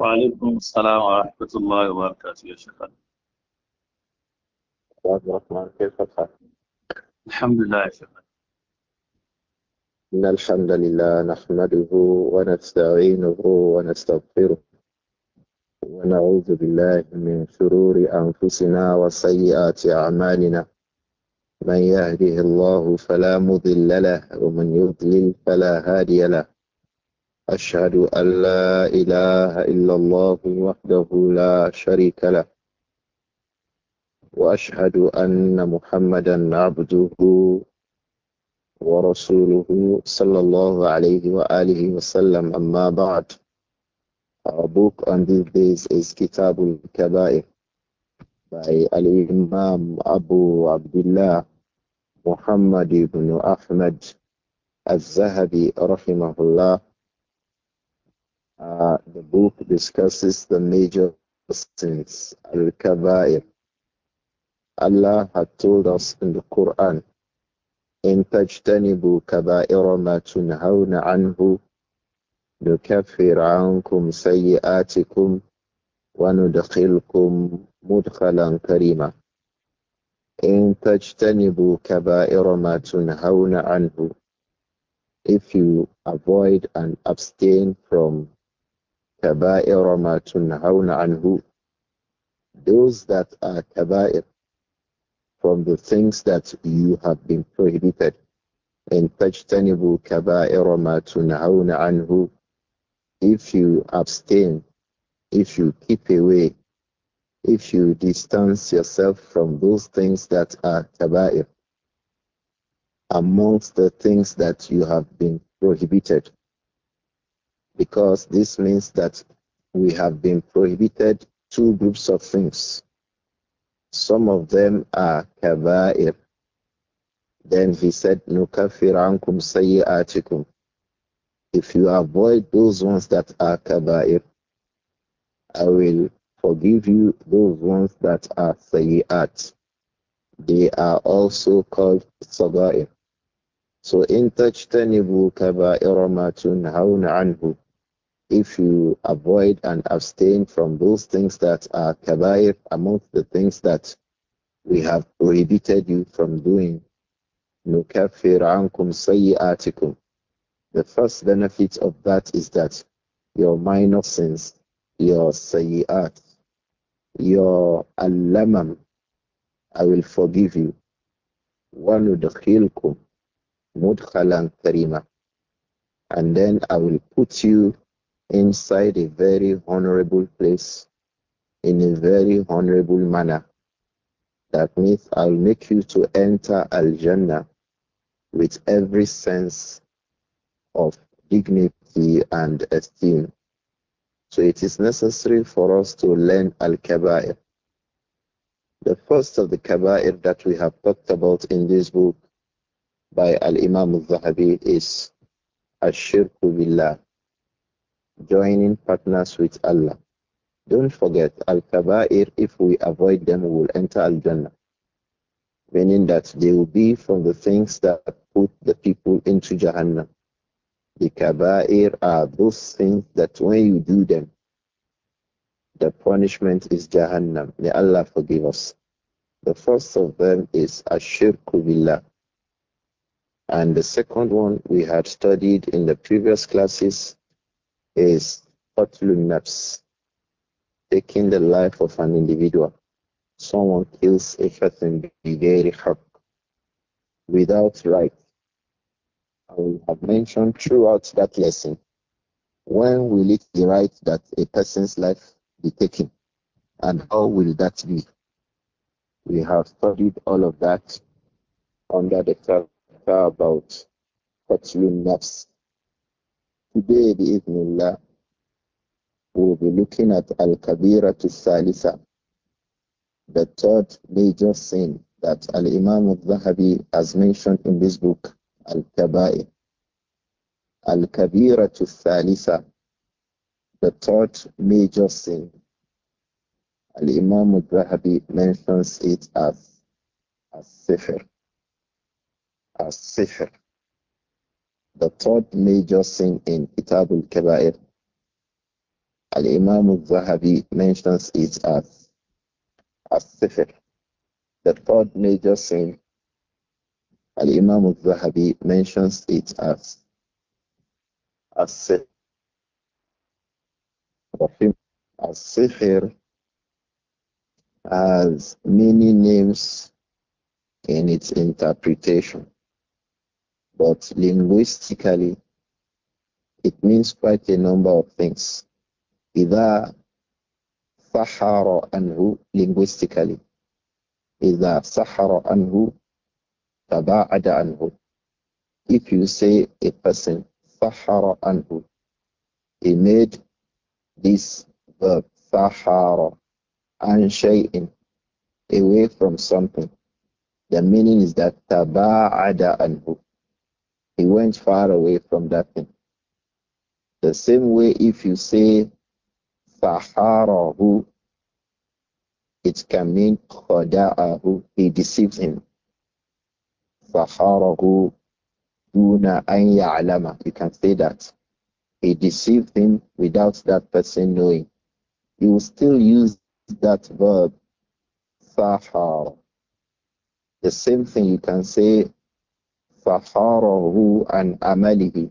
وعليكم السلام ورحمة الله وبركاته يا شيخ عبد الرحمن كيف الحال؟ الحمد لله يا شيخ إن الحمد لله نحمده ونستعينه ونستغفره ونعوذ بالله من شرور أنفسنا وسيئات أعمالنا من يهده الله فلا مضل له ومن يضلل فلا هادي له أشهد أن لا إله إلا الله وحده لا شريك له وأشهد أن محمدا عبده ورسوله صلى الله عليه وآله وسلم أما بعد Our book on these days is Kitabul Kabair by Al-Imam Abu Abdullah Muhammad ibn Ahmad Al-Zahabi rahimahullah uh, the book discusses the major sins, al-kabair. Allah had told us in the Quran, إن تجتنبوا كبائر ما تنهون عنه نكفر عنكم سيئاتكم وندخلكم مدخلا كريما إن تجتنبوا كبائر ما تنهون anhu. if you avoid and abstain from those that are kaba'ir from the things that you have been prohibited and tajtanibu kaba'ir ma tunhauna anhu if you abstain if you keep away if you distance yourself from those things that are kaba'ir amongst the things that you have been prohibited because this means that we have been prohibited two groups of things. Some of them are kaba'ir. Then he said, Nukafir sayyatikum. If you avoid those ones that are kaba'ir, I will forgive you those ones that are sayyat. They are also called sagha'ir. So in tajtanibu kaba'ir ma tunhawn anhu if you avoid and abstain from those things that are kabair amongst the things that we have prohibited you from doing, The first benefit of that is that your minor sins, your sayyat, your alamam, I will forgive you. وَنُدْخِلْكُمْ مُدْخَلًا كَرِيمًا And then I will put you inside a very honorable place in a very honorable manner. That means I'll make you to enter Al Jannah with every sense of dignity and esteem. So it is necessary for us to learn Al Kaba'ir. The first of the Kaba'ir that we have talked about in this book by Al Imam al Zahabi is Ashirku Billah, joining partners with Allah. Don't forget, Al-Kaba'ir, if we avoid them, we will enter Al-Jannah. Meaning that they will be from the things that put the people into Jahannam. The Kaba'ir are those things that when you do them, the punishment is Jahannam. May Allah forgive us. The first of them is Ashirku Billah. And the second one we had studied in the previous classes is qatlun taking the life of an individual. Someone kills a person without right. I will have mentioned throughout that lesson when will it be right that a person's life be taken and how will that be? We have studied all of that under the chapter about Qatlun Nafs Today, bi'ithnillah, we'll be looking at Al-Kabira Salisa, the third major sin that Al-Imam al-Dhahabi has mentioned in this book, Al-Kaba'ir. Al-Kabira Salisa, the third major sin. Al-Imam al-Dhahabi mentions it as as-sihr. As-sihr the third major sin in itabul kebab Kaba'ir, Al Imam al Zahabi mentions it as As-Sifr. The third major sin, Al Imam al Zahabi mentions it as As-Sifr. As-Sifr has many names in its interpretation. But linguistically, it means quite a number of things. إذا سحر عنه linguistically إذا سحر عنه تباعد عنه If you say a person سحر عنه he made this verb سحر عن شيء away from something the meaning is that تباعد عنه he went far away from that thing. The same way if you say Saharahu, it can mean Khada'ahu, he deceives him. Saharahu Duna an ya'lama. You can say that. He deceived him without that person knowing. You will still use that verb Sahar. The same thing you can say فَصَارَهُ عَنْ أَمَلِهِ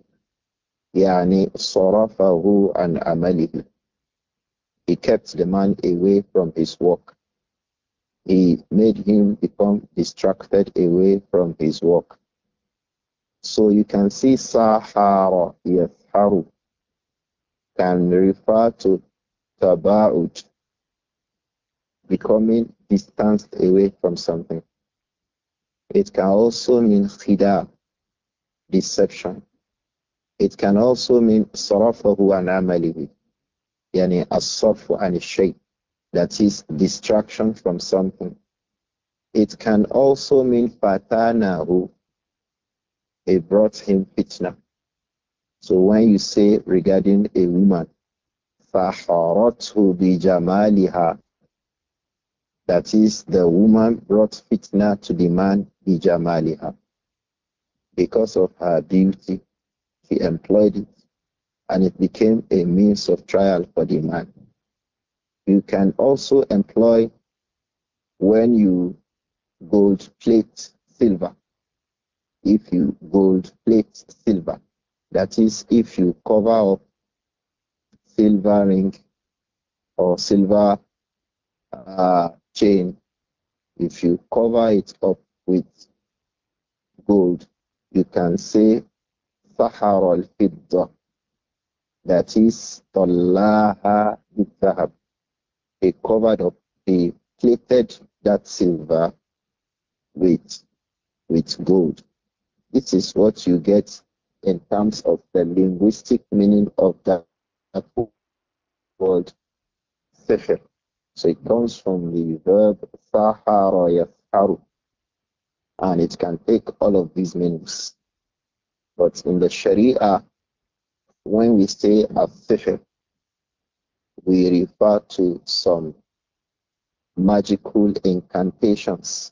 يعني صَرَفَهُ عَنْ عمله. He kept the man away from his work. He made him become distracted away from his work. So you can see Sahara, yes, Haru, can refer to Taba'ud, becoming distanced away from something. It can also mean khida, deception. It can also mean sarafahu an amalihi, yani as-sarfu an shay, that is distraction from something. It can also mean fatanahu, it brought him fitna. So when you say regarding a woman, faharatu bi jamaliha, that is the woman brought fitna to the man bijamaliha. Because of her beauty, he employed it, and it became a means of trial for the man. You can also employ when you gold plate silver. If you gold plate silver, that is, if you cover up silver ring or silver uh, chain, if you cover it up with gold, you can say Sahar al Fidda. That is Tallaha Bithahab. They covered up, they plated that silver with, with gold. This is what you get in terms of the linguistic meaning of that, word Sefer. So it comes from the verb sahara yasharu, and it can take all of these meanings. But in the Sharia, when we say a afish, we refer to some magical incantations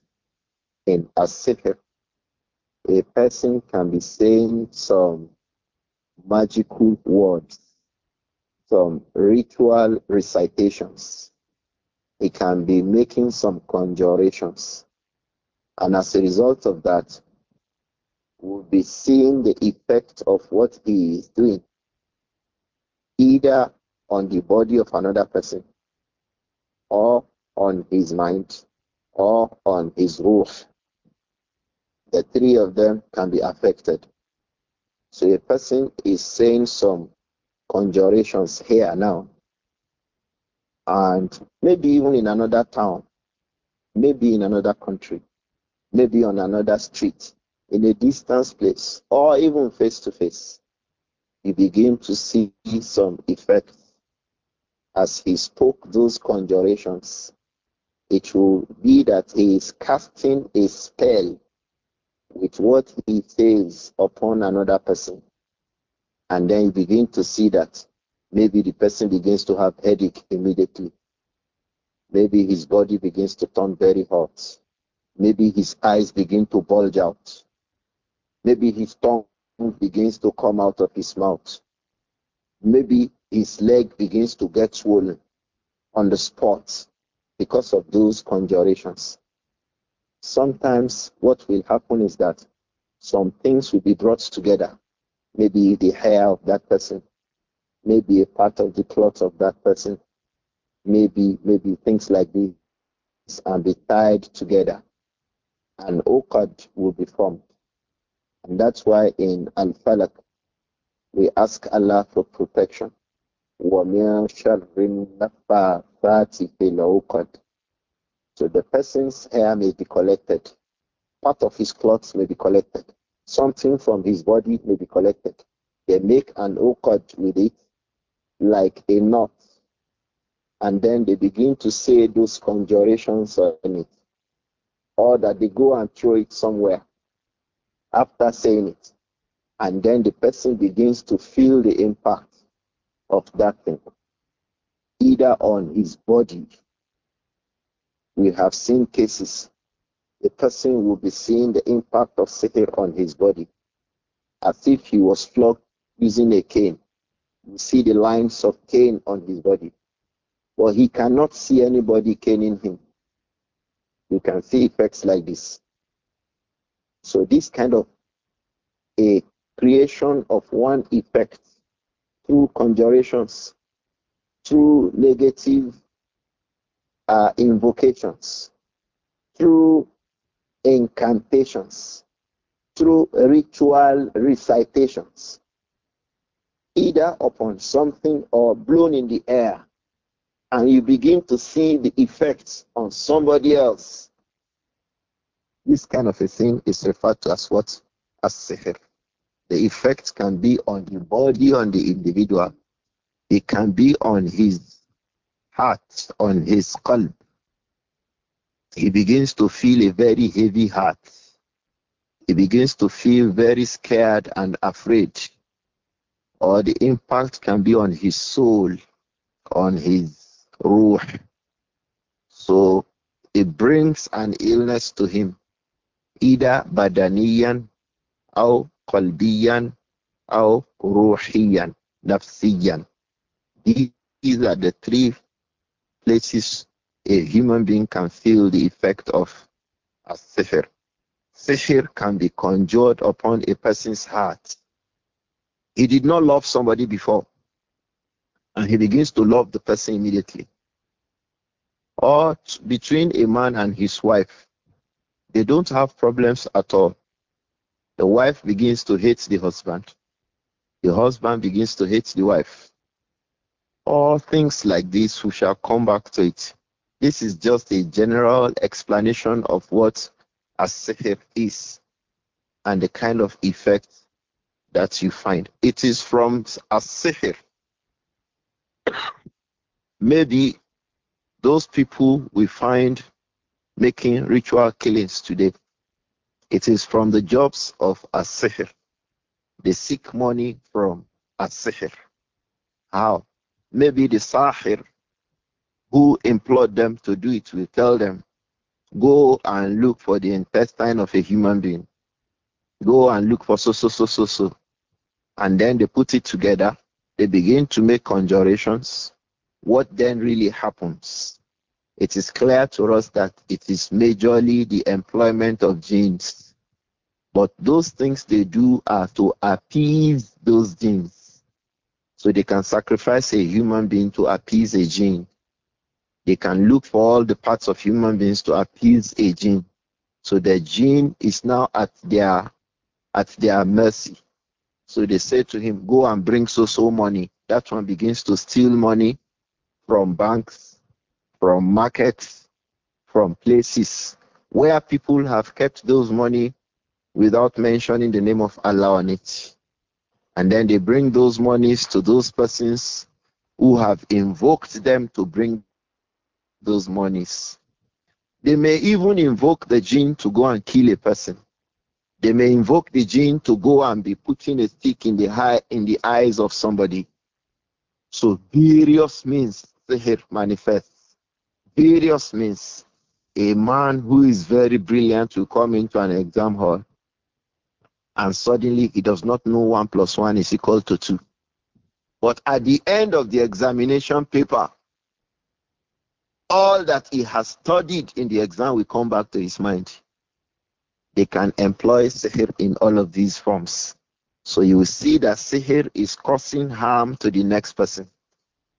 in a afish. A person can be saying some magical words, some ritual recitations. He can be making some conjurations and as a result of that, we'll be seeing the effect of what he is doing, either on the body of another person, or on his mind, or on his roof. The three of them can be affected. So a person is saying some conjurations here now, and maybe even in another town, maybe in another country maybe on another street, in a distance place, or even face to face, you begin to see some effects. As he spoke those conjurations, it will be that he is casting a spell with what he says upon another person. And then you begin to see that maybe the person begins to have headache immediately. Maybe his body begins to turn very hot. Maybe his eyes begin to bulge out. Maybe his tongue begins to come out of his mouth. Maybe his leg begins to get swollen on the spot because of those conjurations. Sometimes what will happen is that some things will be brought together. Maybe the hair of that person, maybe a part of the cloth of that person, maybe maybe things like this and be tied together an uqad will be formed. And that's why in Al Falak, we ask Allah for protection. So the person's hair may be collected. Part of his clothes may be collected. Something from his body may be collected. They make an uqad with it, like a knot. And then they begin to say those conjurations on it or that they go and throw it somewhere after saying it. And then the person begins to feel the impact of that thing, either on his body. We have seen cases the person will be seeing the impact of sitting on his body, as if he was flogged using a cane. You see the lines of cane on his body. But he cannot see anybody caning him you can see effects like this. So this kind of a creation of one effect through conjurations, through negative uh, invocations, through incantations, through ritual recitations, either upon something or blown in the air and you begin to see the effects on somebody else. This kind of a thing is referred to as what? As sihr. The effect can be on the body, on the individual. It can be on his heart, on his skull. He begins to feel a very heavy heart. He begins to feel very scared and afraid. Or the impact can be on his soul, on his ruh. So it brings an illness to him, either badaniyan or qalbiyan or ruhiyan, nafsiyan. These are the three places a human being can feel the effect of a sifir. Sifir can be conjured upon a person's heart. He did not love somebody before and he begins to love the person immediately. Or between a man and his wife, they don't have problems at all. The wife begins to hate the husband, the husband begins to hate the wife. All things like this, we shall come back to it. This is just a general explanation of what a is and the kind of effect that you find. It is from a Maybe those people we find making ritual killings today, it is from the jobs of Asir. They seek money from Asir. How? Maybe the Sahir who employed them to do it will tell them, go and look for the intestine of a human being. Go and look for so, so, so, so, so. And then they put it together they begin to make conjurations. What then really happens? It is clear to us that it is majorly the employment of genes. But those things they do are to appease those genes. So they can sacrifice a human being to appease a gene. They can look for all the parts of human beings to appease a gene. So the gene is now at their at their mercy. So they said to him, Go and bring so so money. That one begins to steal money from banks, from markets, from places where people have kept those money without mentioning the name of Allah on it. And then they bring those monies to those persons who have invoked them to bring those monies. They may even invoke the jinn to go and kill a person. They may invoke the jinn to go and be putting a stick in the eye, in the eyes of somebody. So various means have manifests. Various means a man who is very brilliant will come into an exam hall and suddenly he does not know one plus one is equal to two. But at the end of the examination paper, all that he has studied in the exam will come back to his mind. They can employ sihr in all of these forms. So you will see that sihr is causing harm to the next person.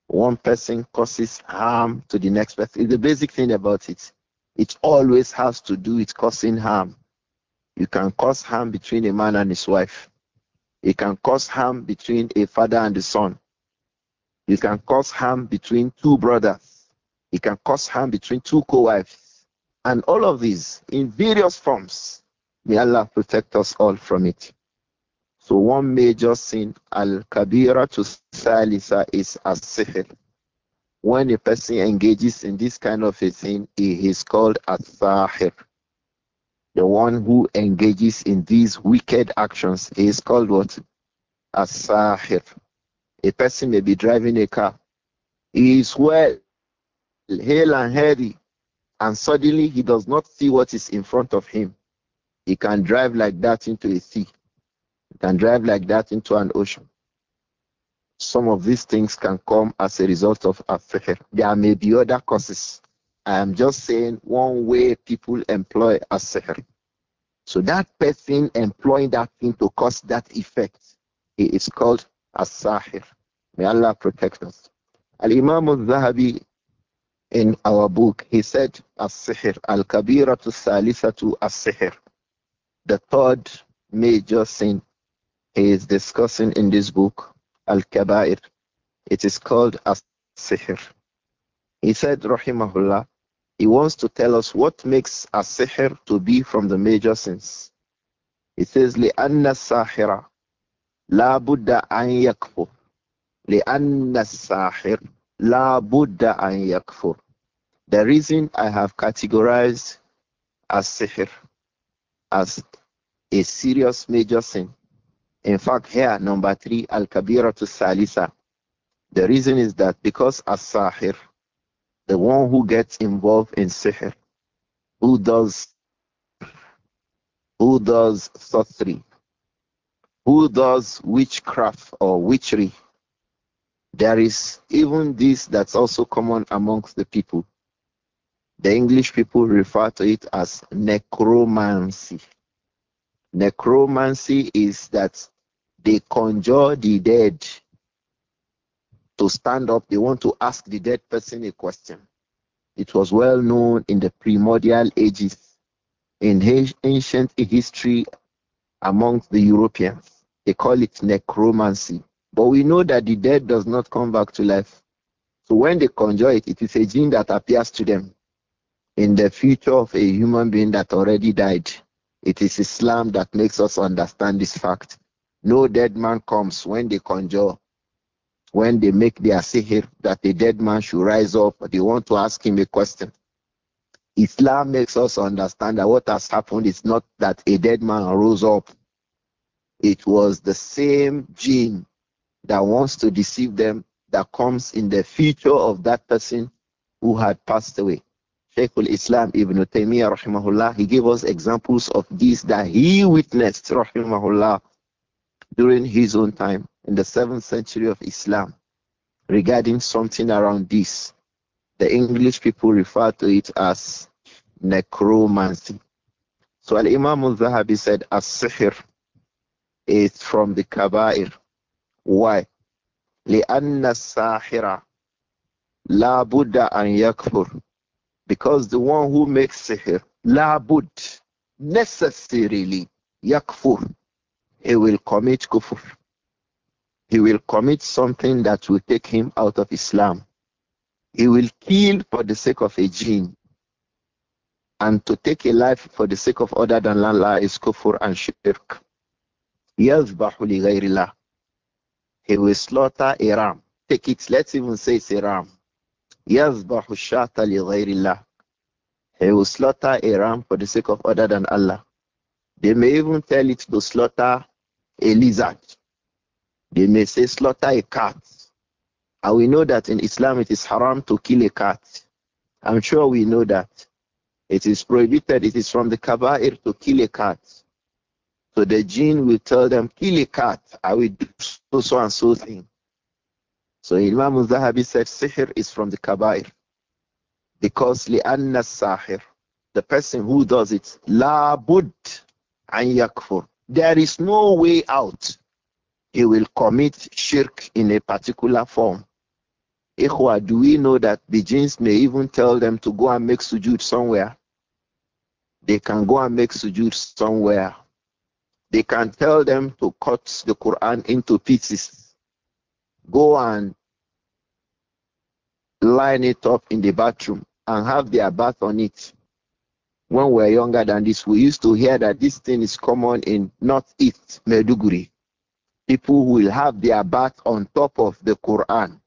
One person causes harm to the next person. It's the basic thing about it. It always has to do with causing harm. You can cause harm between a man and his wife. You can cause harm between a father and a son. You can cause harm between two brothers. You can cause harm between two co wives. And all of these in various forms. May Allah protect us all from it. So one major sin, al-kabira to salisa, is as-sihr. When a person engages in this kind of a thing, he is called as-sahir. The one who engages in these wicked actions he is called what? As-sahir. A person may be driving a car. He is well, hale and heady, and suddenly he does not see what is in front of him he can drive like that into a sea. He can drive like that into an ocean. Some of these things can come as a result of affair. There may be other causes. I am just saying one way people employ asher. So that person employing that thing to cause that effect, it is called asahir. May Allah protect us. Al Imam al Zahabi in our book, he said, as al kabiratu salisatu as-sihr. The third major sin he is discussing in this book, Al Kaba'ir, it is called as sihr. He said, Rahimahullah, he wants to tell us what makes a sihr to be from the major sins. He says, لِأَنَّ sahira, la Buddha an يَكْفُرْ لِأَنَّ السَّاحِرَ la Buddha an يَكْفُرْ The reason I have categorized as sihr as a serious major sin. In fact, here, number three, Al Kabira to Salisa. The reason is that because As Sahir, the one who gets involved in Sihr, who does who does sorcery, who does witchcraft or witchery, there is even this that's also common amongst the people the English people refer to it as necromancy. Necromancy is that they conjure the dead to stand up. They want to ask the dead person a question. It was well known in the primordial ages, in ancient history amongst the Europeans. They call it necromancy. But we know that the dead does not come back to life. So when they conjure it, it is a gene that appears to them in the future of a human being that already died. It is Islam that makes us understand this fact. No dead man comes when they conjure, when they make their sihir that the dead man should rise up, they want to ask him a question. Islam makes us understand that what has happened is not that a dead man rose up. It was the same gene that wants to deceive them that comes in the future of that person who had passed away. Shaykh al-Islam Ibn Taymiyyah rahimahullah, he gave us examples of these that he witnessed rahimahullah during his own time in the 7th century of Islam regarding something around this. The English people refer to it as necromancy. So Al-Imam al-Zahabi said as-sihr is from the kabair. Why? لأن الساحر لا بد أن يكفر because the one who makes sihr, labud, necessarily, yakfur, he will commit kufur. He will commit something that will take him out of Islam. He will kill for the sake of a jinn. And to take a life for the sake of other than Allah is kufur and shirk. He will slaughter a ram. Take it, let's even say it's a ram. يَذْبَحُ الشَّاةَ لِغَيْرِ اللَّهِ He will slaughter a ram for the sake of other than Allah. They may even tell it to slaughter a lizard. They may say slaughter a cat. And we know that in Islam it is haram to kill a cat. I'm sure we know that. It is prohibited. It is from the kaba'ir to kill a cat. So the jinn will tell them, kill a cat. I will do so, so and so thing. So Imam al-Zahabi said sihr is from the kabair because li'anna sahir the person who does it la bud an yakfur there is no way out he will commit shirk in a particular form Ikhwa, do we know that the jinns may even tell them to go and make sujud somewhere? They can go and make sujud somewhere. They can tell them to cut the Quran into pieces go and line it up in the bathroom and have their bath on it. When we were younger than this, we used to hear that this thing is common in northeast Meduguri. People will have their bath on top of the Quran.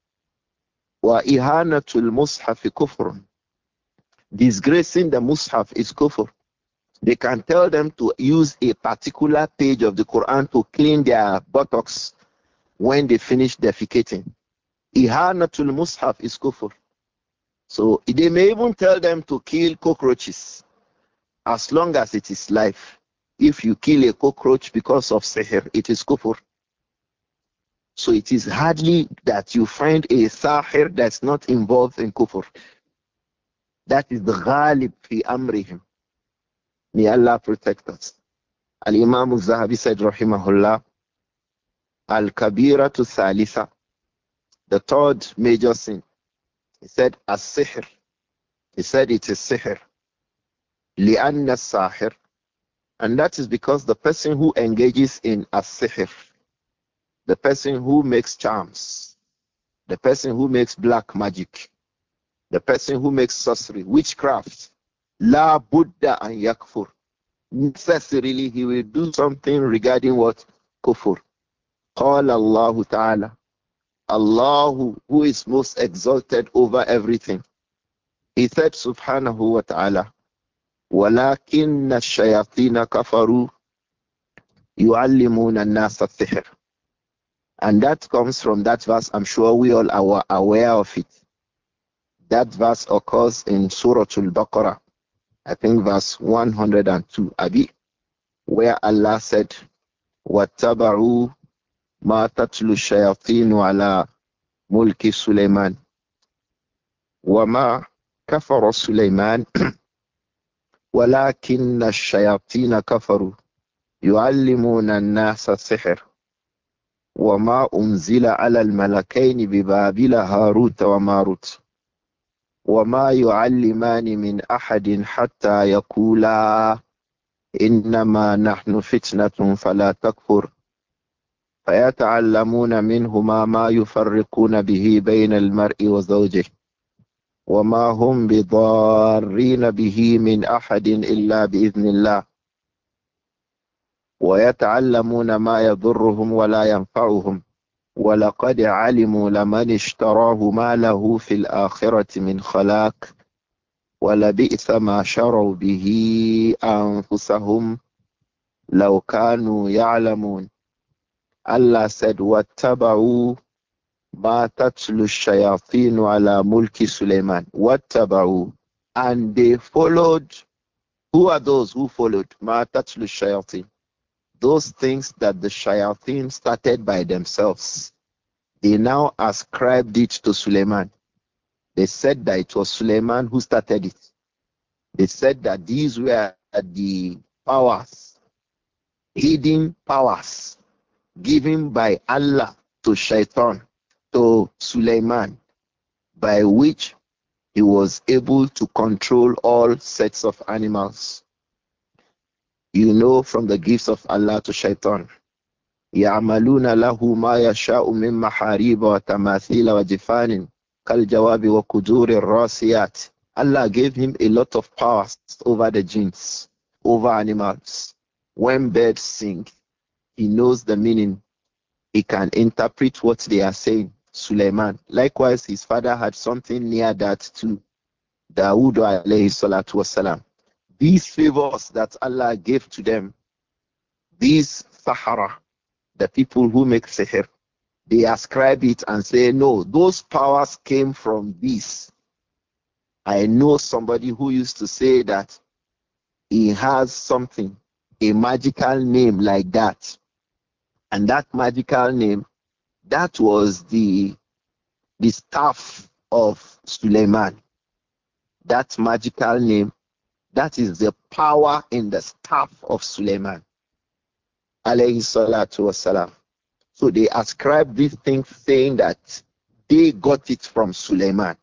وَإِهَانَةُ الْمُصْحَفِ كُفْرٌ Disgracing the Mus'haf is kufr. They can tell them to use a particular page of the Quran to clean their buttocks when they finish defecating. Ihanatul mushaf is kufur. So they may even tell them to kill cockroaches as long as it is life. If you kill a cockroach because of seher, it is kufur. So it is hardly that you find a sahir that's not involved in kufur. That is the ghalib fi amrihim. May Allah protect us. Al-Imam al-Zahabi said, rahimahullah, Al Kabira to Salisa, the third major sin. He said, As Sihr. He said it is Sihr. Li'anna Sahir. And that is because the person who engages in As Sihr, the person who makes charms, the person who makes black magic, the person who makes sorcery, witchcraft, La Buddha and Yakfur. Necessarily, he will do something regarding what? Kufur. قال الله تعالى Allah who is most exalted over everything. He said subhanahu wa ta'ala ولكن الشياطين كفروا يعلمون الناس السحر and that comes from that verse I'm sure we all are aware of it that verse occurs in Surah Al-Baqarah I think verse 102 Abi where Allah said وَاتَّبَعُوا ما تتلو الشياطين على ملك سليمان وما كفر سليمان ولكن الشياطين كفروا يعلمون الناس السحر وما أنزل على الملكين ببابل هاروت وماروت وما يعلمان من أحد حتى يقولا إنما نحن فتنة فلا تكفر فيتعلمون منهما ما يفرقون به بين المرء وزوجه وما هم بضارين به من أحد إلا بإذن الله ويتعلمون ما يضرهم ولا ينفعهم ولقد علموا لمن اشتراه ما له في الآخرة من خلاق ولبئس ما شروا به أنفسهم لو كانوا يعلمون Allah said, Wattaba'u ma tatlu wa ala mulki Sulaiman. Wattaba'u. And they followed. Who are those who followed? Ma tatlu shayatin. Those things that the shayatin started by themselves. They now ascribed it to Sulaiman. They said that it was Sulaiman who started it. They said that these were the powers, hidden powers given by Allah to Shaitan, to Sulaiman, by which he was able to control all sets of animals. You know from the gifts of Allah to Shaitan. يعملون له ما يشاء من محاريب وتماثيل وجفان كالجواب وقدور الراسيات Allah gave him a lot of powers over the jinns, over animals. When birds sing, he knows the meaning. He can interpret what they are saying. Suleiman. Likewise, his father had something near that too. Dawood alayhi salatu wasalam. These favors that Allah gave to them, these Sahara, the people who make sihr, they ascribe it and say, no, those powers came from this. I know somebody who used to say that he has something, a magical name like that. And that magical name, that was the, the staff of Suleiman. That magical name, that is the power in the staff of Suleiman. Alayhi So they ascribe these things saying that they got it from Suleiman.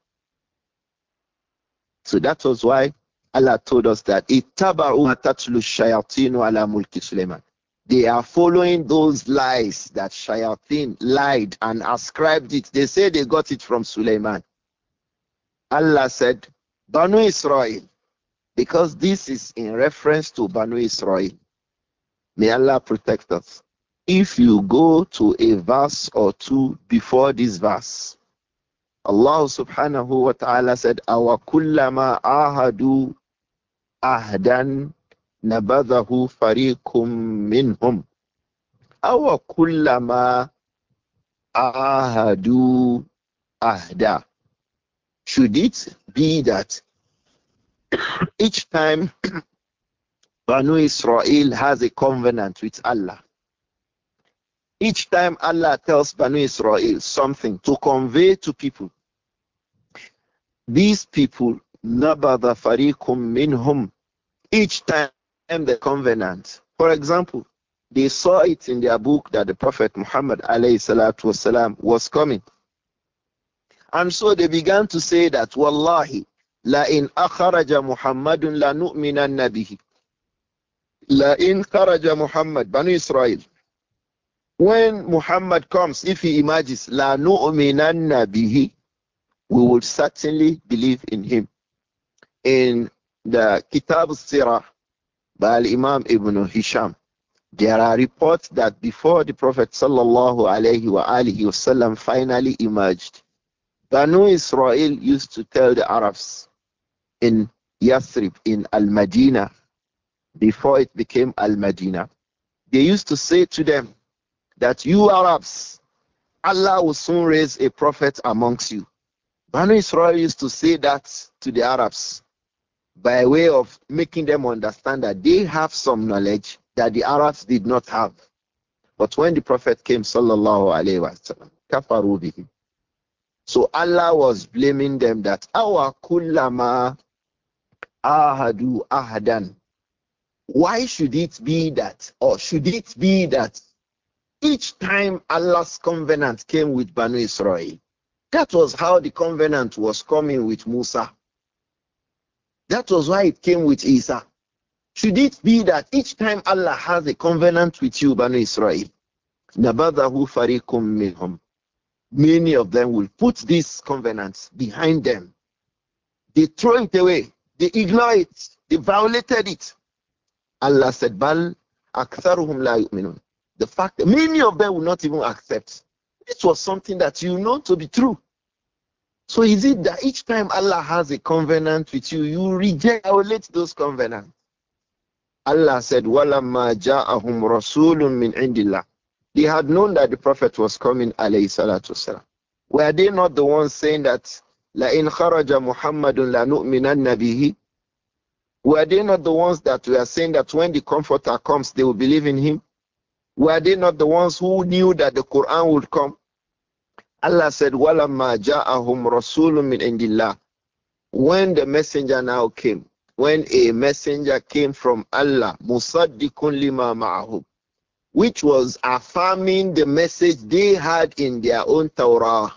So that was why Allah told us that itaba'u matatlu shayatinu ala mulki Suleiman. They are following those lies that Shayatin lied and ascribed it. They say they got it from Suleiman. Allah said, Banu Israel, because this is in reference to Banu Israel. May Allah protect us. If you go to a verse or two before this verse, Allah subhanahu wa ta'ala said, Our kullama ahadu ahdan نبذه فريق minhum. أو kullama ahadu ahda. Should it be that each time Banu Israel has a covenant with Allah, each time Allah tells Banu Israel something to convey to people, these people, nabada fariqum minhum, each time and the covenant. For example, they saw it in their book that the Prophet Muhammad والسلام, was coming. And so they began to say that, Wallahi, la in akharaja Muhammadun la nu'minan nabihi. La in kharaja Muhammad, Banu Israel. When Muhammad comes, if he emerges, la nu'minan nabihi, we will certainly believe in him. In the Kitab Sirah, by Imam Ibn Hisham. There are reports that before the Prophet sallallahu alayhi wa wasallam finally emerged, Banu Israel used to tell the Arabs in Yathrib, in Al-Madinah, before it became Al-Madinah, they used to say to them that you Arabs, Allah will soon raise a prophet amongst you. Banu Israel used to say that to the Arabs by way of making them understand that they have some knowledge that the Arabs did not have. But when the Prophet came, sallallahu alayhi wasallam, kafaru bihi. So Allah was blaming them that our kullama ahadu ahadan. Why should it be that, or should it be that each time Allah's covenant came with Banu Israel, that was how the covenant was coming with Musa. That was why it came with Isa. Should it be that each time Allah has a covenant with you, Banu Israel, Nabadahu farikum minhum, many of them will put this covenant behind them. They throw it away, they ignore it, they violated it. Allah said, Bal aktharuhum la yu'minun. The fact that many of them will not even accept. This was something that you know to be true. So is it that each time Allah has a covenant with you, you reject, violate those covenants? Allah said, وَلَمَّا rasulun min مِّنْ They had known that the Prophet was coming, alayhi salatu wasalam. Were they not the ones saying that, لَإِنْ Muhammadun مُحَمَّدٌ لَنُؤْمِنَنَّ بِهِ Were they not the ones that were saying that when the Comforter comes, they will believe in him? Were they not the ones who knew that the Quran would come? Allah said, وَلَمَّا جَاءَهُمْ رَسُولٌ مِّنْ عِنْدِ When the messenger now came, when a messenger came from Allah, "Musaddikun lima مَعَهُمْ which was affirming the message they had in their own Torah.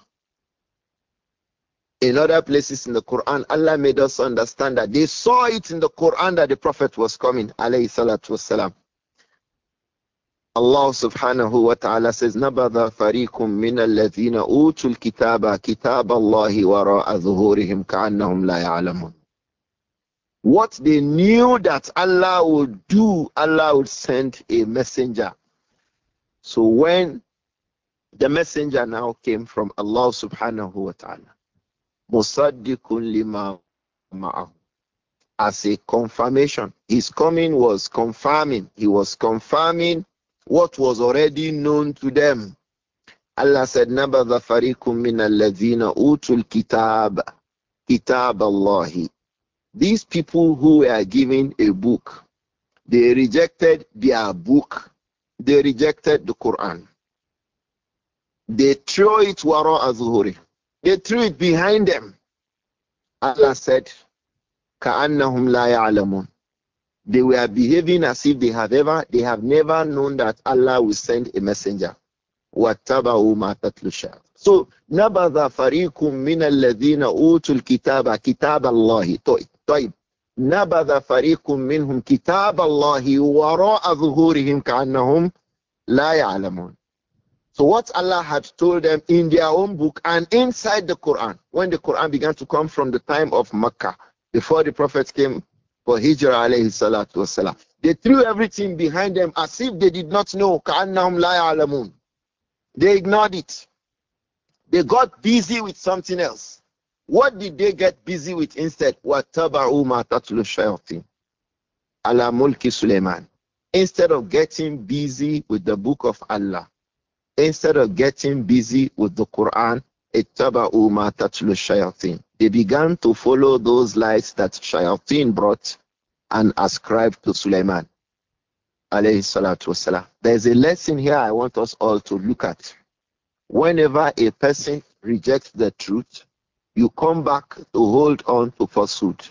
In other places in the Quran, Allah made us understand that they saw it in the Quran that the Prophet was coming, alayhi salatu wasalam. Allah subhanahu wa ta'ala says, نَبَذَ فَرِيقٌ مِّنَ الَّذِينَ أُوتُوا الْكِتَابَ كِتَابَ اللَّهِ وَرَاءَ ظُهُورِهِمْ كَأَنَّهُمْ لَا يَعْلَمُونَ What they knew that Allah would do, Allah would send a messenger. So when the messenger now came from Allah subhanahu wa ta'ala, مُصَدِّقٌ لِمَا مَعَهُ As a confirmation, his coming was confirming, he was confirming what was already known to them. Allah said, نَبَذَ فَرِيقٌ مِّنَ الَّذِينَ أُوتُوا الْكِتَابَ كِتَابَ اللَّهِ These people who were given a book, they rejected their book. They rejected the Quran. They threw it wara azhuri. They threw it behind them. Allah said, كَأَنَّهُمْ لَا يَعْلَمُونَ they were behaving as if they have ever, they have never known that Allah will send a messenger. So نبذ فريق من الذين أوتوا الكتاب كتاب الله طيب نبذ فريق منهم كتاب الله وراء ظهورهم كأنهم لا يعلمون So what Allah had told them in their own book and inside the Quran, when the Quran began to come from the time of Makkah, before the prophets came for alayhi salatu wasalam. They threw everything behind them as if they did not know. They ignored it. They got busy with something else. What did they get busy with instead? Instead of getting busy with the book of Allah, instead of getting busy with the Quran, They began to follow those lies that Shayatin brought and ascribed to Sulaiman. There's a lesson here I want us all to look at. Whenever a person rejects the truth, you come back to hold on to falsehood.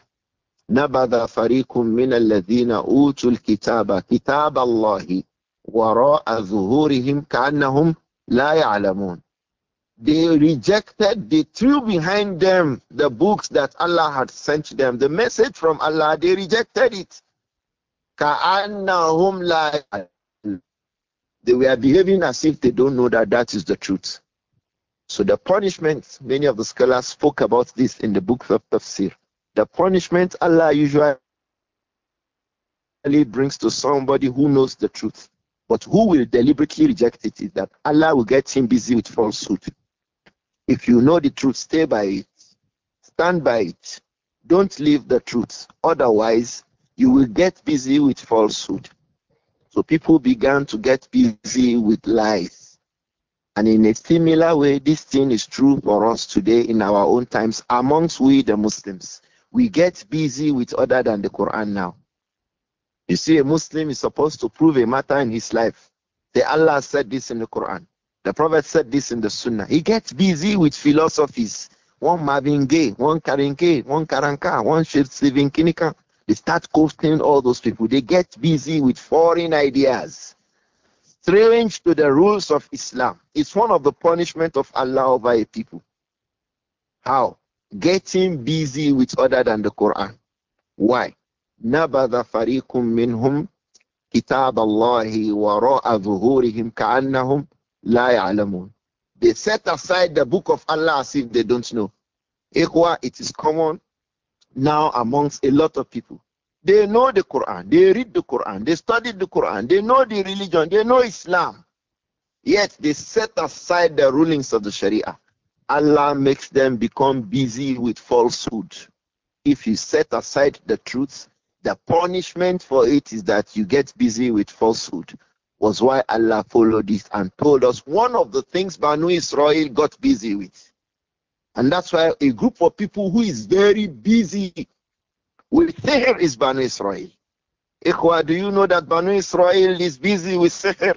نبذ فريق من الذين أوتوا الكتاب كتاب الله وراء ظهورهم كأنهم لا يعلمون they rejected, they threw behind them the books that Allah had sent them, the message from Allah, they rejected it. They were behaving as if they don't know that that is the truth. So the punishment, many of the scholars spoke about this in the book of Tafsir. The punishment Allah usually brings to somebody who knows the truth, but who will deliberately reject it is that Allah will get him busy with falsehood. If you know the truth, stay by it. Stand by it. Don't leave the truth. Otherwise, you will get busy with falsehood. So people began to get busy with lies. And in a similar way, this thing is true for us today in our own times amongst we, the Muslims. We get busy with other than the Quran now. You see, a Muslim is supposed to prove a matter in his life. The Allah said this in the Quran. The Prophet said this in the Sunnah. He gets busy with philosophies. One Marvin Gaye, one Karen K, one Karanka, one Stephen Kinika. They start coasting all those people. They get busy with foreign ideas. Strange to the rules of Islam. It's one of the punishment of Allah over a people. How? Getting busy with other than the Quran. Why? نبذ فريق منهم كتاب الله وراء ظهورهم كأنهم La ya'lamun. They set aside the book of Allah as if they don't know. Ikhwa, it is common now amongst a lot of people. They know the Quran, they read the Quran, they study the Quran, they know the religion, they know Islam. Yet they set aside the rulings of the Sharia. Allah makes them become busy with falsehood. If you set aside the truth, the punishment for it is that you get busy with falsehood was why Allah followed this and told us one of the things Banu Israel got busy with. And that's why a group of people who is very busy with seher is Banu Israel. Ikhwa, do you know that Banu Israel is busy with seher?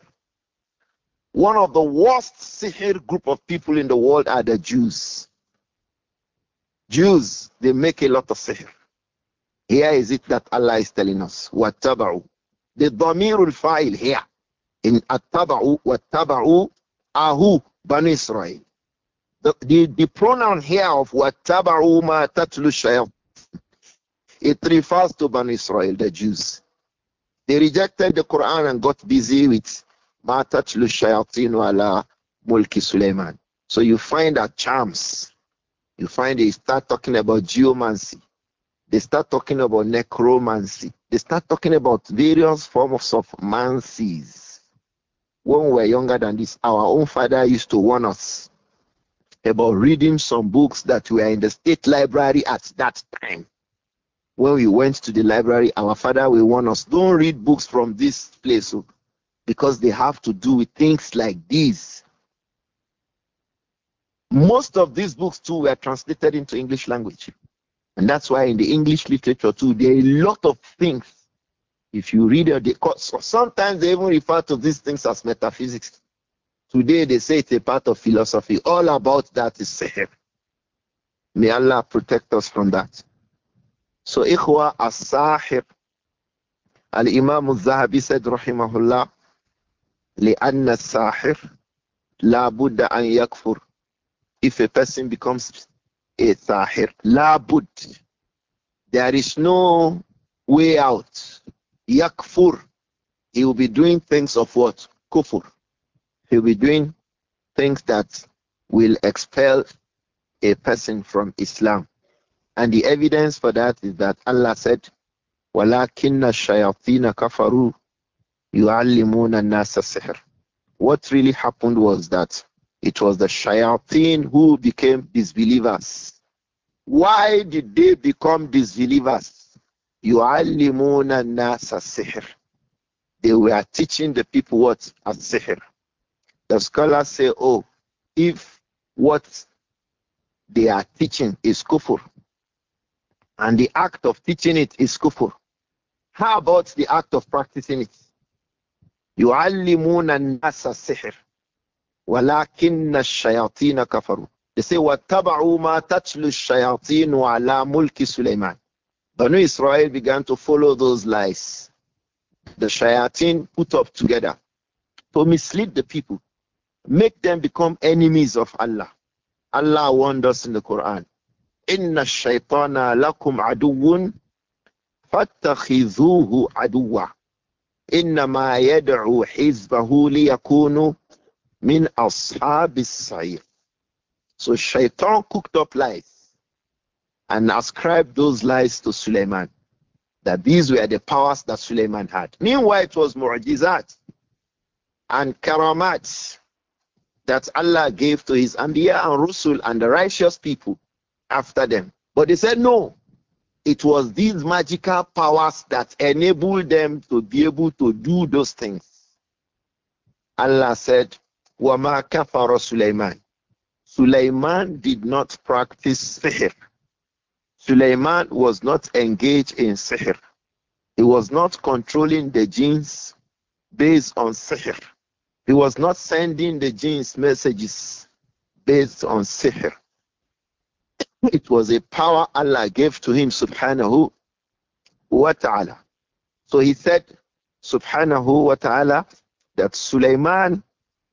One of the worst seher group of people in the world are the Jews. Jews, they make a lot of seher. Here is it that Allah is telling us. Wattaba'u. The Damirul file here in attaba'u wattaba'u ahu bani Israel. The, the, the pronoun here of wattaba'u ma tatlu it refers to Bani Israel, the Jews. They rejected the Quran and got busy with ma tatlu shayatin wala mulki Suleiman. So you find that charms. You find they start talking about geomancy. They start talking about necromancy. They start talking about various forms of mancies when we were younger than this, our own father used to warn us about reading some books that were in the state library at that time. When we went to the library, our father will warn us don't read books from this place oh, because they have to do with things like these. Most of these books, too, were translated into English language. And that's why in the English literature, too, there are a lot of things if you read the course, sometimes they even refer to these things as metaphysics. Today they say it's a part of philosophy. All about that is sahib. May Allah protect us from that. So ikhwa as-sahib. Al-Imam al-Zahabi said, rahimahullah, لأن الساحر لا بد أن يكفر. If a person becomes a sahir, la bud. There is no way out yakfur. He will be doing things of what? Kufur. He will be doing things that will expel a person from Islam. And the evidence for that is that Allah said, وَلَكِنَّ الشَّيَاطِينَ كَفَرُوا يُعَلِّمُونَ النَّاسَ السِّحْرَ What really happened was that it was the shayateen who became disbelievers. Why did they become disbelievers? Yu'allimuna nasa sihr. They were teaching the people what? As sihr. The scholars say, oh, if what they are teaching is kufur, and the act of teaching it is kufur, how about the act of practicing it? يعلمون الناس السحر ولكن الشياطين كفروا They say واتبعوا ما تتلو الشياطين على ملك سليمان Banu Israel began to follow those lies. The shayateen put up together to mislead the people, make them become enemies of Allah. Allah warned us in the Quran. Inna shaytana lakum aduun fattakhidhuhu aduwa. Inna ma yad'u hizbahu liyakunu min ashabis sa'ir. So shaitan cooked up lies and ascribed those lies to Suleiman. That these were the powers that Suleiman had. Meanwhile, it was mu'jizat and karamat that Allah gave to his Anbiya and Rusul and the righteous people after them. But they said, no, it was these magical powers that enabled them to be able to do those things. Allah said, "Wa ka كَفَرَ Sulaiman. Sulaiman did not practice sihr. Suleiman was not engaged in sihr. He was not controlling the jinns based on sihr. He was not sending the jinns messages based on sihr. It was a power Allah gave to him subhanahu wa ta'ala. So he said subhanahu wa ta'ala that Suleiman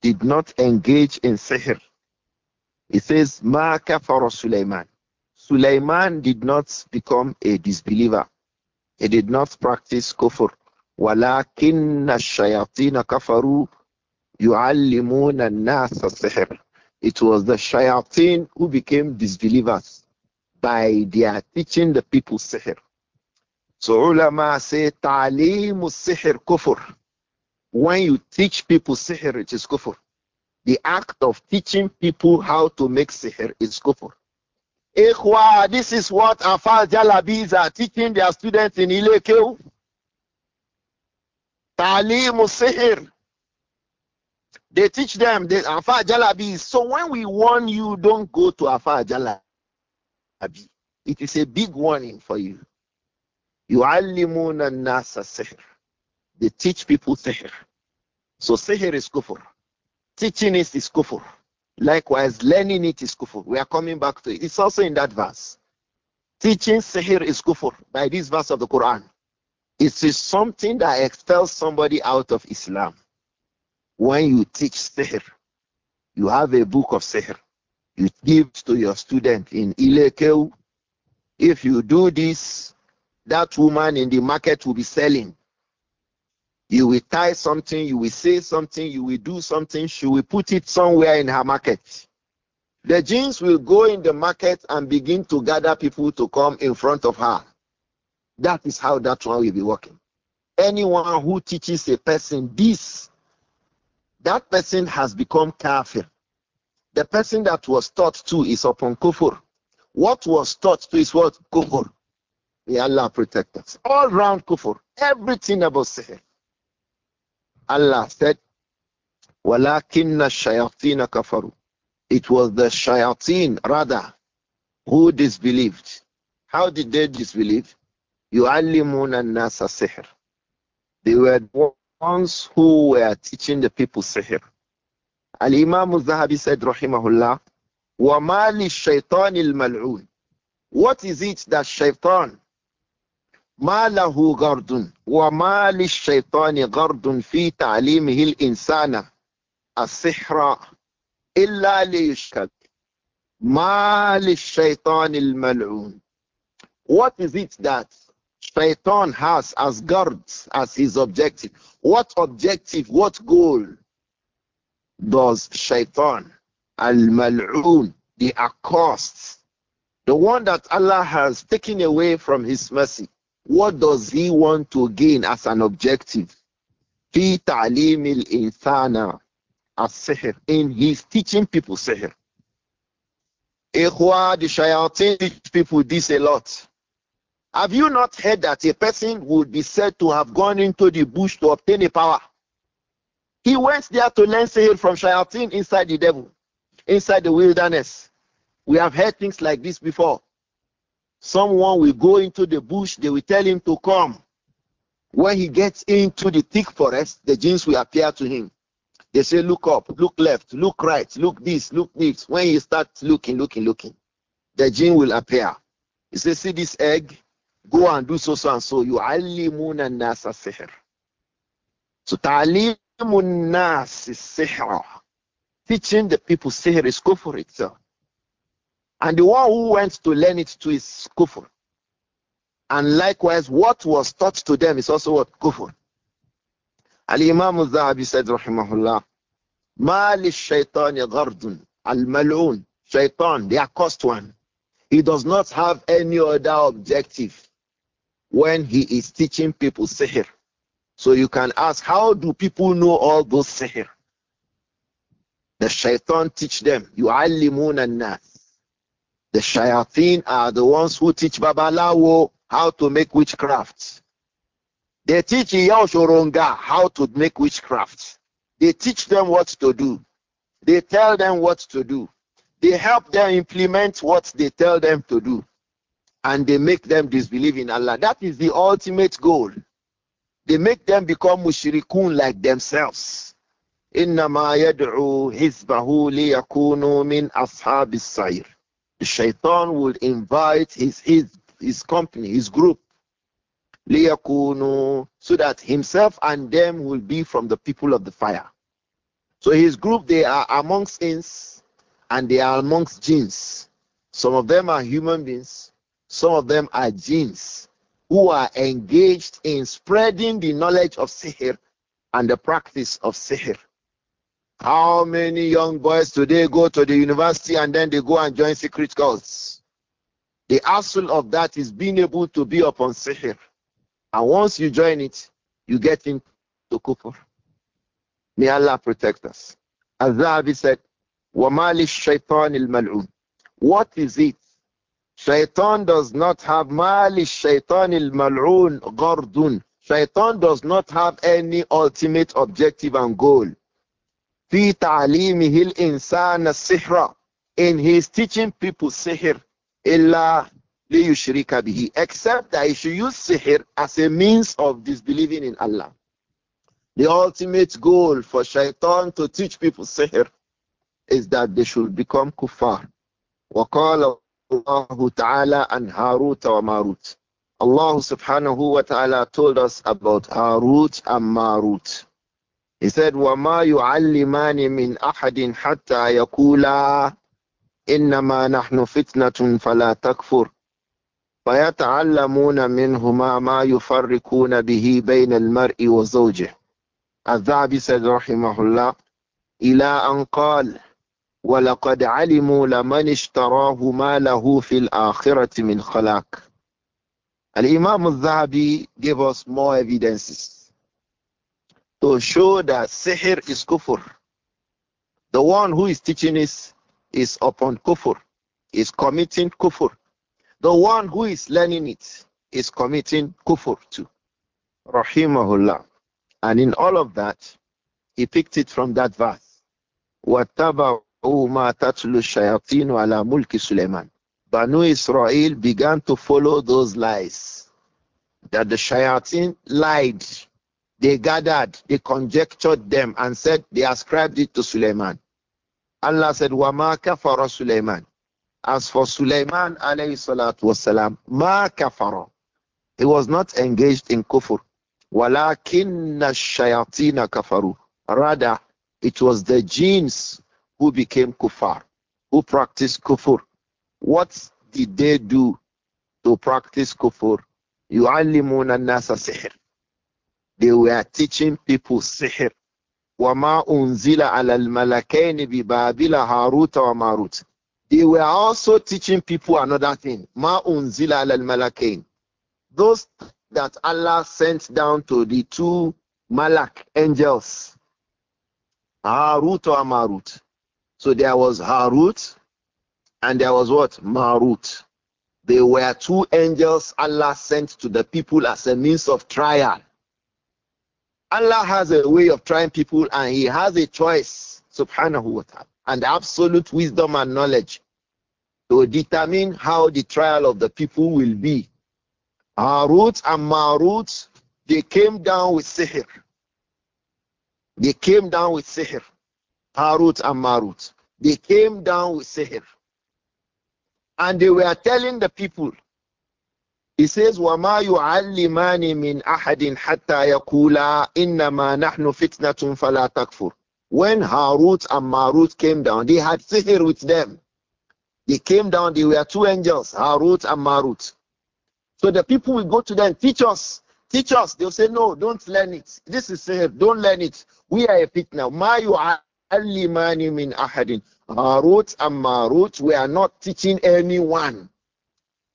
did not engage in sihr. He says, Ma kafara Sulaiman. Sulaiman did not become a disbeliever. He did not practice kufr. ولكن الشياطين كفروا يعلمون الناس السحر. It was the shayateen who became disbelievers by their teaching the people sihr. So ulama say ta'limu sihr kufr. When you teach people sihr, it is kufr. The act of teaching people how to make sihr is kufr. Ikhwa, this is what Afal Jalabis are uh, teaching their students in Ilekeu. Talim Sihir. They teach them the Afal Jalabis. So when we warn you, don't go to Afal Jalabi. It is a big warning for you. You Yu'allimuna nasa sihr. They teach people sihr. So sihr is kufr. Teaching it is kufr. Likewise, learning it is kufur. We are coming back to it. It's also in that verse. Teaching sihir is kufur by this verse of the Quran. It is something that expels somebody out of Islam. When you teach sihir, you have a book of sihir. You give to your student in Ilekeu. If you do this, that woman in the market will be selling. You will tie something, you will say something, you will do something, she will put it somewhere in her market. The jeans will go in the market and begin to gather people to come in front of her. That is how that one will be working. Anyone who teaches a person this, that person has become kafir. The person that was taught to is upon kufur. What was taught to is what? Kufur. May Allah protect us. All round kufur. Everything about sihr. Allah said, وَلَكِنَّ الشَّيَاطِينَ كَفَرُوا It was the shayateen, rather, who disbelieved. How did they disbelieve? يُعَلِّمُونَ النَّاسَ السِّحْرَ They were the ones who were teaching the people sihr. Al-Imam al-Zahabi said, rahimahullah, وَمَا لِلشَّيْطَانِ الْمَلْعُونِ What is it that Shaytan? ما له غرض وما للشيطان غرض في تعليمه الإنسان السحر إلا ليشكك ما للشيطان الملعون What is it that Shaitan has as guard as his objective? What objective, what goal does Shaitan al maloon the accursed, the one that Allah has taken away from his mercy, What does he want to gain as an objective? في تعليم الإنسان السحر in his teaching people say. Ikhwa, the shayatin teach people this a lot. Have you not heard that a person would be said to have gone into the bush to obtain a power? He went there to learn sahil from shayatin inside the devil, inside the wilderness. We have heard things like this before. Someone will go into the bush, they will tell him to come. When he gets into the thick forest, the jinns will appear to him. They say, Look up, look left, look right, look this, look this. When he starts looking, looking, looking, the jinn will appear. He says, See this egg? Go and do so, so, and so. You alimuna nasa sihr. So, talimuna nas sihr. Teaching the people sihr is go for itself. So. And the one who went to learn it to is kufur, And likewise, what was taught to them is also what kufur. Ali Imam al-Zahabi said, rahimahullah, Mali shaitan shaytani ghardun al-mal'un. Shaitan, the accursed one. He does not have any other objective when he is teaching people sihr. So you can ask, how do people know all those sihr? The shaitan teach them. You alimun nas. The shayateen are the ones who teach Babalawo how to make witchcraft. They teach Yaoshoronga how to make witchcraft. They teach them what to do. They tell them what to do. They help them implement what they tell them to do. And they make them disbelieve in Allah. That is the ultimate goal. They make them become mushrikun like themselves. إنما يدعو حزبه min من أصحاب السعير shaitan would invite his, his, his company, his group, liyakunu, so that himself and them will be from the people of the fire. So his group, they are amongst ins and they are amongst jinns. Some of them are human beings, some of them are jinns who are engaged in spreading the knowledge of sihr and the practice of sihr. How many young boys today go to the university and then they go and join secret cults? The hassle of that is being able to be upon sihr. And once you join it, you get into kufr. May Allah protect us. As Zahabi said, وَمَالِ الشَّيْطَانِ maloon. What is it? Shaitan does not have مَالِ الشَّيْطَانِ الْمَلْعُونِ غَرْضٌ Shaitan does not have any ultimate objective and goal. في تعليمه الإنسان السحر in his teaching people سحر إلا ليشرك به except that he should use سحر as a means of disbelieving in Allah the ultimate goal for shaitan to teach people سحر is that they should become كفار. وقال الله تعالى عن هاروت وماروت Allah subhanahu wa ta'ala told us about Harut and He said, وَمَا يُعَلِّمَانِ مِنْ أَحَدٍ حَتَّى يَقُولَا إِنَّمَا نَحْنُ فِتْنَةٌ فَلَا تَكْفُرْ فيتعلمون منهما ما يفرقون به بين المرء وزوجه الذهبي سيد رحمه الله إلى أن قال ولقد علموا لمن اشتراه ما له في الآخرة من خَلَاكِ الإمام الذهبي gave us more evidences to show that sihr is kufur, The one who is teaching is, is upon kufur, is committing kufur. The one who is learning it is committing kufur too. Rahimahullah. And in all of that, he picked it from that verse. وَاتَّبَعُوا مَا تَتْلُ الشَّيَاطِينُ عَلَى Banu Israel began to follow those lies that the shayateen lied they gathered, they conjectured them and said they ascribed it to Suleiman. Allah said, "Wa mā kafara Suleiman. As for Suleiman alayhi salatu wasalam, ma kafara. He was not engaged in kufr. Walakinna shayatina kafaru. Rather, it was the jinns who became kufar, who practiced kufr. What did they do to practice kufr? يعلمون الناس سحر they were teaching people sihr. وَمَا أُنزِلَ عَلَى الْمَلَكَيْنِ بِبَابِلَ هَارُوتَ وَمَارُوتَ They were also teaching people another thing. مَا أُنزِلَ عَلى الْمَلَكَيْنِ Those that Allah sent down to the two malak angels, Harut or Marut. So there was Harut and there was what? Marut. They were two angels Allah sent to the people as a means of trial. Allah has a way of trying people and He has a choice, subhanahu wa ta'ala, and absolute wisdom and knowledge to determine how the trial of the people will be. Harut and Marut, they came down with sihr. They came down with sihr. Harut and Marut. They came down with sihr. And they were telling the people, he says, وَمَا يُعَلِّمَانِ مِنْ أَحَدٍ حَتَّى يَقُولَا إِنَّمَا نَحْنُ فِتْنَةٌ فَلَا تَكْفُرْ When Harut and Marut came down, they had sihr with them. They came down, they were two angels, Harut and Marut. So the people will go to them, teach us, teach us. They'll say, no, don't learn it. This is sihr, don't learn it. We are a fitna. مَا يُعَلِّمَانِ مِنْ أَحَدٍ Harut and Marut we are not teaching anyone.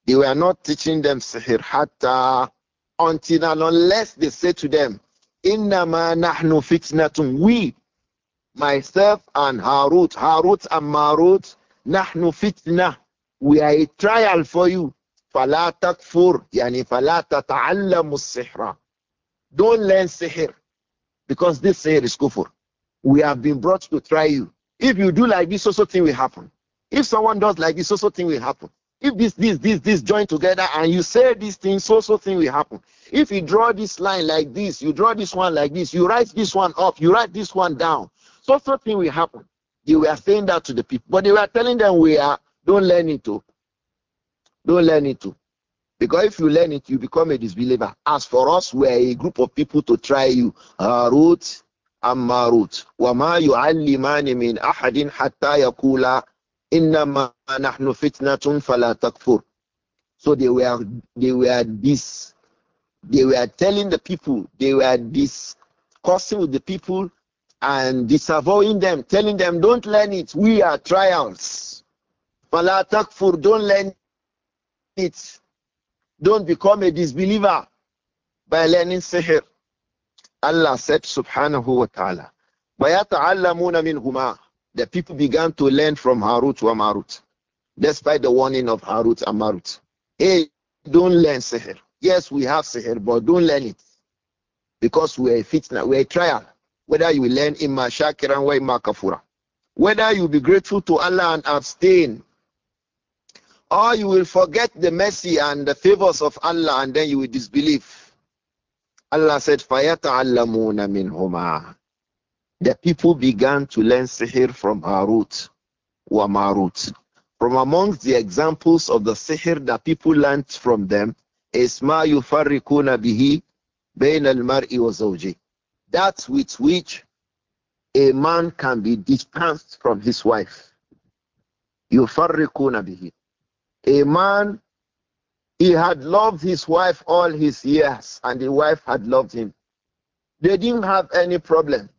They were not teaching them sihr hatta until and unless they say to them, Innama nahnu fitnatum, we, myself and Harut, Harut and Marut, nahnu fitna, we are a trial for you. Fala تكفر يعني فلا تتعلم don't learn sihr because this sihr is kufur. we have been brought to try you if you do like this so so thing will happen if someone does like this so so thing will happen if this, this, this, this join together and you say this thing, so, so thing will happen. If you draw this line like this, you draw this one like this, you write this one up, you write this one down, so, so thing will happen. They were saying that to the people, but they were telling them, we are, don't learn it to. Don't learn it to. Because if you learn it, you become a disbeliever. As for us, we are a group of people to try you. Root and Marut. وَمَا يُعَلِّمَانِ مِنْ ahadin hatta yakula innama nahnu fitnatun fala takfur. So they were they were this they were telling the people, they were discussing with the people and disavowing them, telling them, don't learn it, we are trials. Fala takfur, don't learn it. Don't become a disbeliever by learning sihr. Allah said, subhanahu wa ta'ala, وَيَتَعَلَّمُونَ مِنْهُمَا the people began to learn from Harut to Marut, despite the warning of Harut and Hey, don't learn Seher. Yes, we have Seher, but don't learn it because we're a fitna, we're a trial. Whether you learn in am going wa whether you be grateful to Allah and abstain, or you will forget the mercy and the favors of Allah and then you will disbelieve. Allah said, فَيَتَعَلَّمُونَ مِنْهُمَا the people began to learn sihr from Harut wa Marut. From amongst the examples of the sihr that people learned from them is ma yufarrikuna bihi bain al-mar'i wa zawji. That with which a man can be dispensed from his wife. Yufarrikuna bihi. A man, he had loved his wife all his years and the wife had loved him. They didn't have any problem.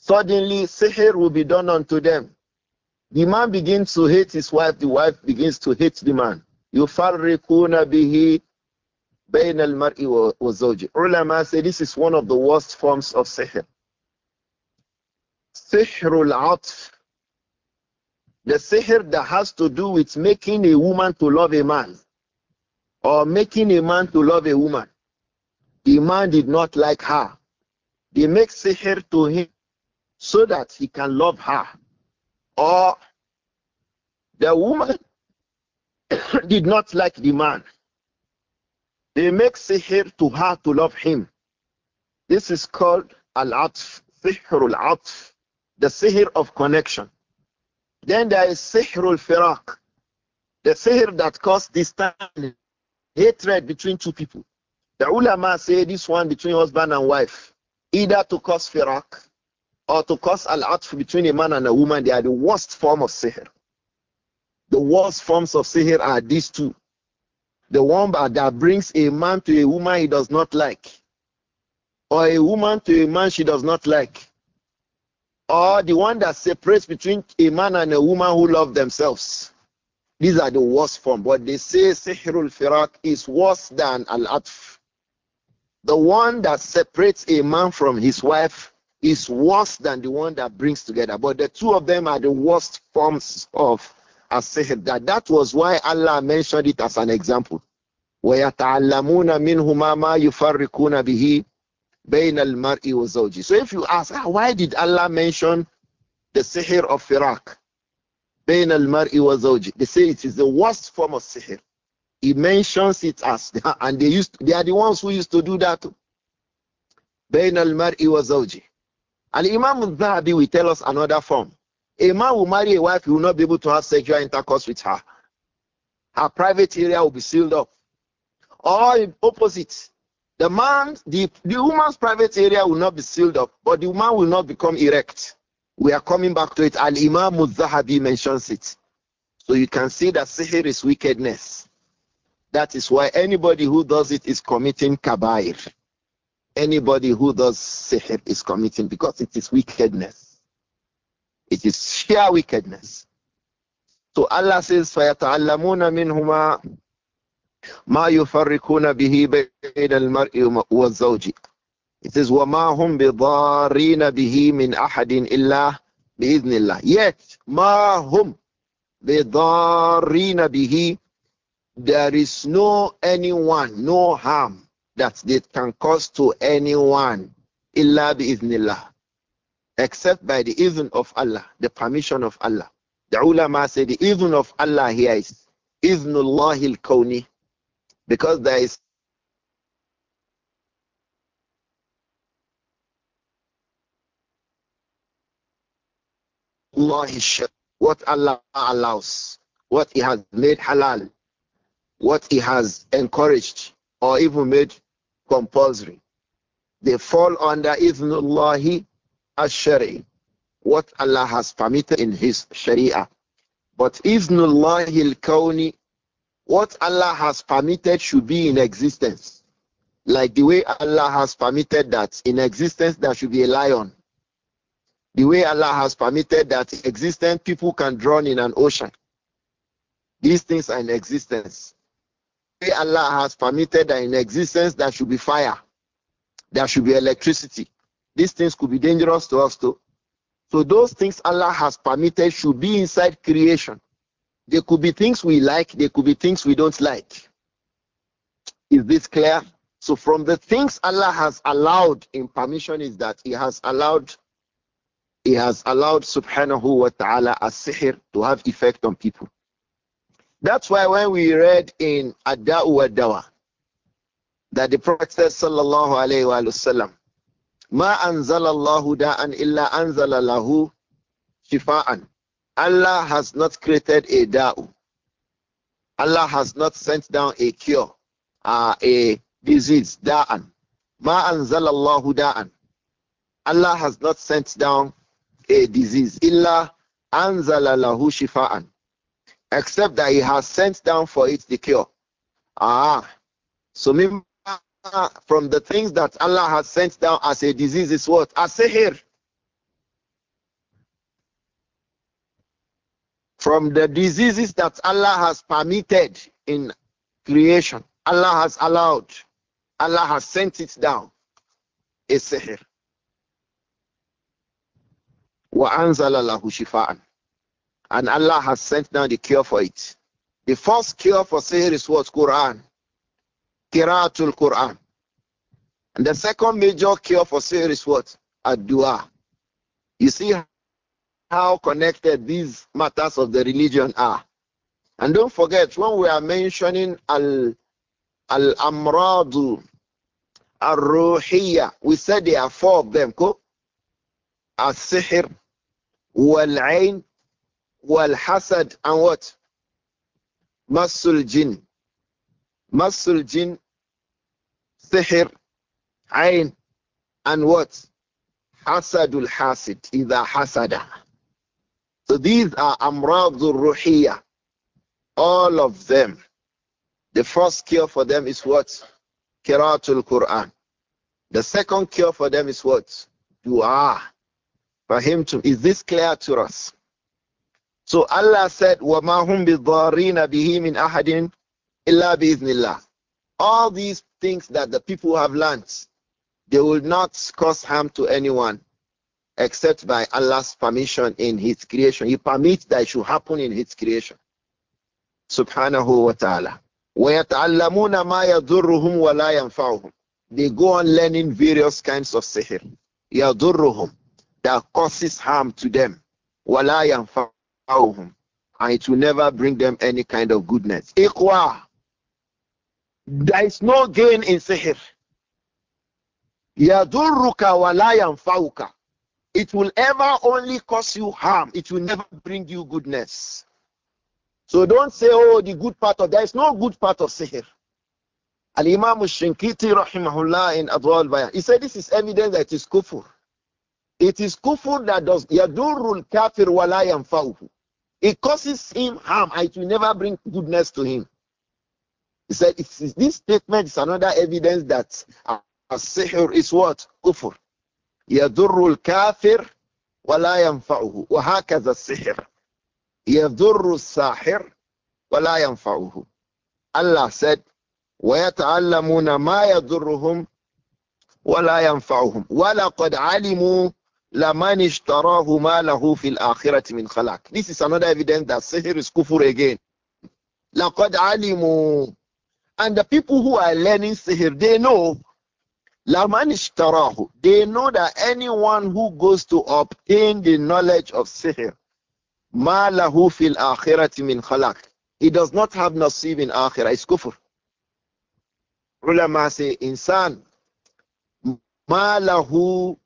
Suddenly, seher will be done unto them. The man begins to hate his wife, the wife begins to hate the man. bayn al mari wa وَزَوْجِ Ulama say this is one of the worst forms of seher. Sihr al-atf. The sihr that has to do with making a woman to love a man or making a man to love a woman. The man did not like her. They make sihr to him so that he can love her. Or the woman did not like the man. They make sehir to her to love him. This is called al-atf, sihr al-atf, the sehir of connection. Then there is sihr al the sehir that caused distance, hatred between two people. The ulama say this one between husband and wife, either to cause firak or to cause al-atf between a man and a woman, they are the worst form of sihr. The worst forms of sihr are these two. The one that brings a man to a woman he does not like, or a woman to a man she does not like, or the one that separates between a man and a woman who love themselves. These are the worst form. But they say sihrul firak is worse than al-atf. The one that separates a man from his wife is worse than the one that brings together. But the two of them are the worst forms of asihr. That that was why Allah mentioned it as an example. وَيَتَعَلَّمُونَ مِنْهُمَا مَا يُفَرِّقُونَ بِهِ بَيْنَ الْمَرْءِ وَزَوْجِهِ So if you ask, ah, why did Allah mention the sihr of Iraq? بَيْنَ الْمَرْءِ وَزَوْجِهِ They say it is the worst form of sihr. He mentions it as, and they used, they are the ones who used to do that. بَيْنَ الْمَرْءِ وَزَوْجِهِ and Imam Zahabi will tell us another form. A man will marry a wife, he will not be able to have sexual intercourse with her. Her private area will be sealed up. Or opposite, the man, the, the woman's private area will not be sealed up, but the woman will not become erect. We are coming back to it. Al Imam Zahabi mentions it. So you can see that sihr is wickedness. That is why anybody who does it is committing kabair anybody who does sihr is committing because it is wickedness. It is sheer wickedness. So Allah says, فَيَتَعَلَّمُونَ مِنْهُمَا مَا يُفْرِكُونَ بِهِ بَيْنَ الْمَرْءِ وَالزَّوْجِ It says, وَمَا هُمْ بِضَارِينَ بِهِ مِنْ أَحَدٍ إِلَّا بِإِذْنِ اللَّهِ Yet, مَا هُمْ بِضَارِينَ بِهِ There is no anyone, no harm that they can cause to anyone illa biiznillah except by the even of Allah, the permission of Allah. The ulama say the even of Allah here is iznullah al kawni because there is what Allah allows, what He has made halal, what He has encouraged or even made compulsory. They fall under Ibnullahi Ashari, what Allah has permitted in His Sharia. But Ibnullahi al Kauni, what Allah has permitted should be in existence. Like the way Allah has permitted that in existence there should be a lion. The way Allah has permitted that in existence people can drown in an ocean. These things are in existence. Allah has permitted that in existence there should be fire, there should be electricity. These things could be dangerous to us too. So those things Allah has permitted should be inside creation. There could be things we like, there could be things we don't like. Is this clear? So from the things Allah has allowed in permission is that He has allowed He has allowed subhanahu wa ta'ala as sihr to have effect on people. That's why when we read in Adda'u wa Dawa that the Prophet said, Sallallahu Alaihi Wasallam, Ma anzalallahu da'an illa anzalalahu shifa'an. Allah has not created a da'u. Allah has not sent down a cure, uh, a disease, da'an. Ma anzalallahu da'an. Allah has not sent down a disease. Illa anzalalahu shifa'an except that he has sent down for it the cure. Ah, so from the things that Allah has sent down as a disease is what? Asihir. From the diseases that Allah has permitted in creation, Allah has allowed, Allah has sent it down. A sihir. وأنزل له شفاءً and Allah has sent down the cure for it. The first cure for sihr is what? Quran. Qiraatul Quran. And the second major cure for sihr is what? Ad-dua. You see how connected these matters of the religion are. And don't forget, when we are mentioning al al amradu al ruhiyya, we said there are four of them: ko al sihr, wal ain, wal hasad and what? Masul jinn. Masul jinn, sihr, ayn, and what? Hasadul hasid, idha hasada. So these are amradul ruhiyah. All of them. The first cure for them is what? Qiraatul Quran. The second cure for them is what? Dua. For him to, is this clear to us? So Allah said, وَمَا هُمْ بِضَارِينَ بِهِ مِنْ أَحَدٍ إِلَّا بِإِذْنِ All these things that the people have learnt, they will not cause harm to anyone except by Allah's permission in His creation. He permits that it should happen in His creation. Subhanahu wa ta'ala. وَيَتَعَلَّمُونَ مَا يَضُرُّهُمْ وَلَا يَنْفَعُهُمْ They go on learning various kinds of sihr. يَضُرُّهُمْ That causes harm to them. وَلَا يَنْفَعُهُمْ and it will never bring them any kind of goodness. Ikwa. There is no gain in sihr. Yadurruka walayan fauka. It will ever only cause you harm. It will never bring you goodness. So don't say, oh, the good part of there is no good part of sihr. Al Imam Shinkiti rahimahullah in Adwal Bayan. He said this is evidence that it is kufur. It is kufur that does yadurul kafir walayan fauhu. It causes him harm and it will never bring goodness to him. He said, This statement is another evidence that a sihr is what? Kufr. يَضُرُّ الْكَافِرُ وَلَا يَنْفَعُهُ وَهَكَذَا السِّحْرُ يَضُرُّ السَّاحِرُ وَلَا يَنْفَعُهُ Allah said, وَيَتَعَلَّمُونَ مَا يَضُرُّهُمْ وَلَا يَنْفَعُهُمْ وَلَقَدْ عَلِمُوا this is another evidence that sihr is kufur again. And the people who are learning sihr, they know They know that anyone who goes to obtain the knowledge of sihr, ma لَهُ فِي الْآخِرَةِ مِنْ خَلَقٍ He does not have nasib in akhirah. It's kufr. Ulama say, insan, ma lahu.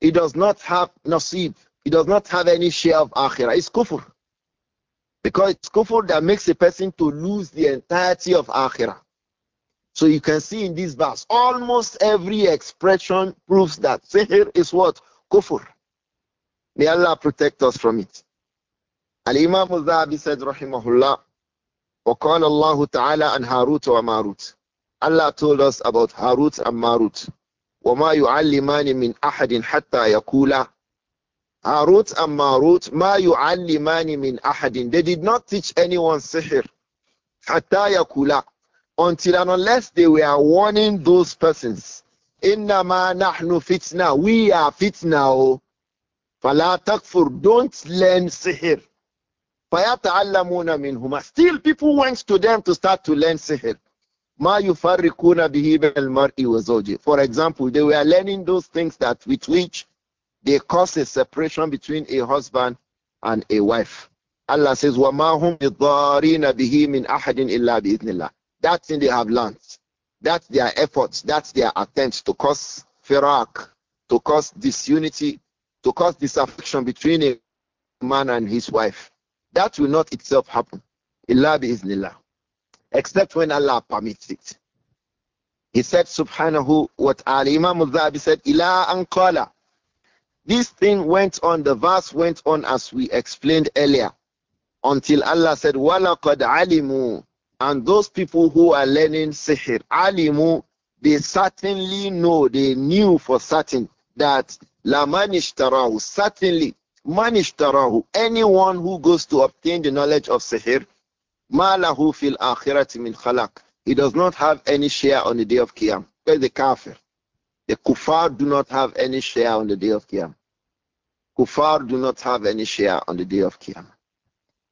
He does not have nasib. He does not have any share of akhirah. It's kufr. Because it's kufr that makes a person to lose the entirety of akhirah. So you can see in this verse, almost every expression proves that sihr is what? Kufr. May Allah protect us from it. Al-Imam al-Zahabi said, Rahimahullah, وقال الله تعالى عن هاروت وماروت. Allah told us about Harut and Marut. وما يعلمان من أحد حتى يقولا They did not teach anyone سحر حتى yakula. Until and unless they were warning those persons. Inna ma فتنة We are fitna. Oh. فلا تكفر Don't learn سحر. Fayata'allamuna minhuma. Still people went to them to start to learn سحر for example they were learning those things that with which they cause a separation between a husband and a wife Allah says وما هم بضارين به من أحد إلا بإذن الله that thing they have learned that's their efforts that's their attempt to cause firak to cause disunity to cause disaffection between a man and his wife that will not itself happen إلا بإذن except when Allah permits it. He said, Subhanahu wa ta'ala, Imam al said, Ila anqala. This thing went on, the verse went on as we explained earlier, until Allah said, Walaqad alimu. And those people who are learning sihr, alimu, they certainly know, they knew for certain that la manishtarahu, certainly manishtarahu, anyone who goes to obtain the knowledge of sihr, Ma'lahu fil akhirati min khalaq. He does not have any share on the day of Qiyam. Where's the kafir? The kuffar do not have any share on the day of Qiyam. Kuffar do not have any share on the day of Qiyam.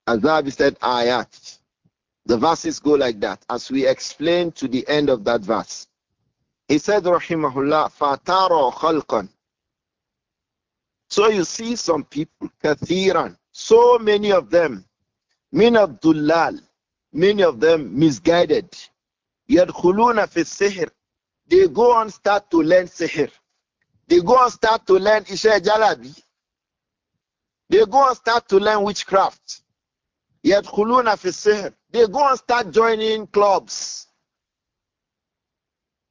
Azabi said ayat. The verses go like that, as we explained to the end of that verse. He said, Rahimahullah, Fataro khalqan. So you see some people, kathiran, so many of them, min abdullal, many of them misguided. يَدْخُلُونَ فِي السِّحْرِ They go and start to learn sehir. They go and start to learn Isha Jalabi. They go and start to learn witchcraft. يَدْخُلُونَ فِي السِّحْرِ They go and start joining clubs.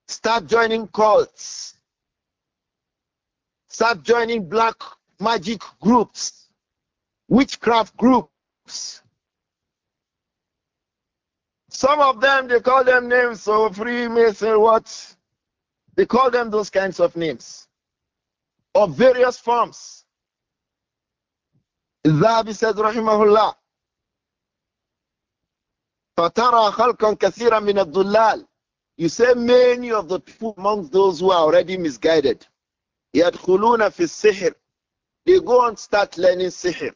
Start joining cults. Start joining black magic groups, witchcraft groups. Some of them, they call them names, so Freemason, what? They call them those kinds of names of various forms. الذهبي said رحمه الله فترى خلقا كثيرا من الضلال You say many of the people among those who are already misguided يدخلون في السحر They go and start learning سحر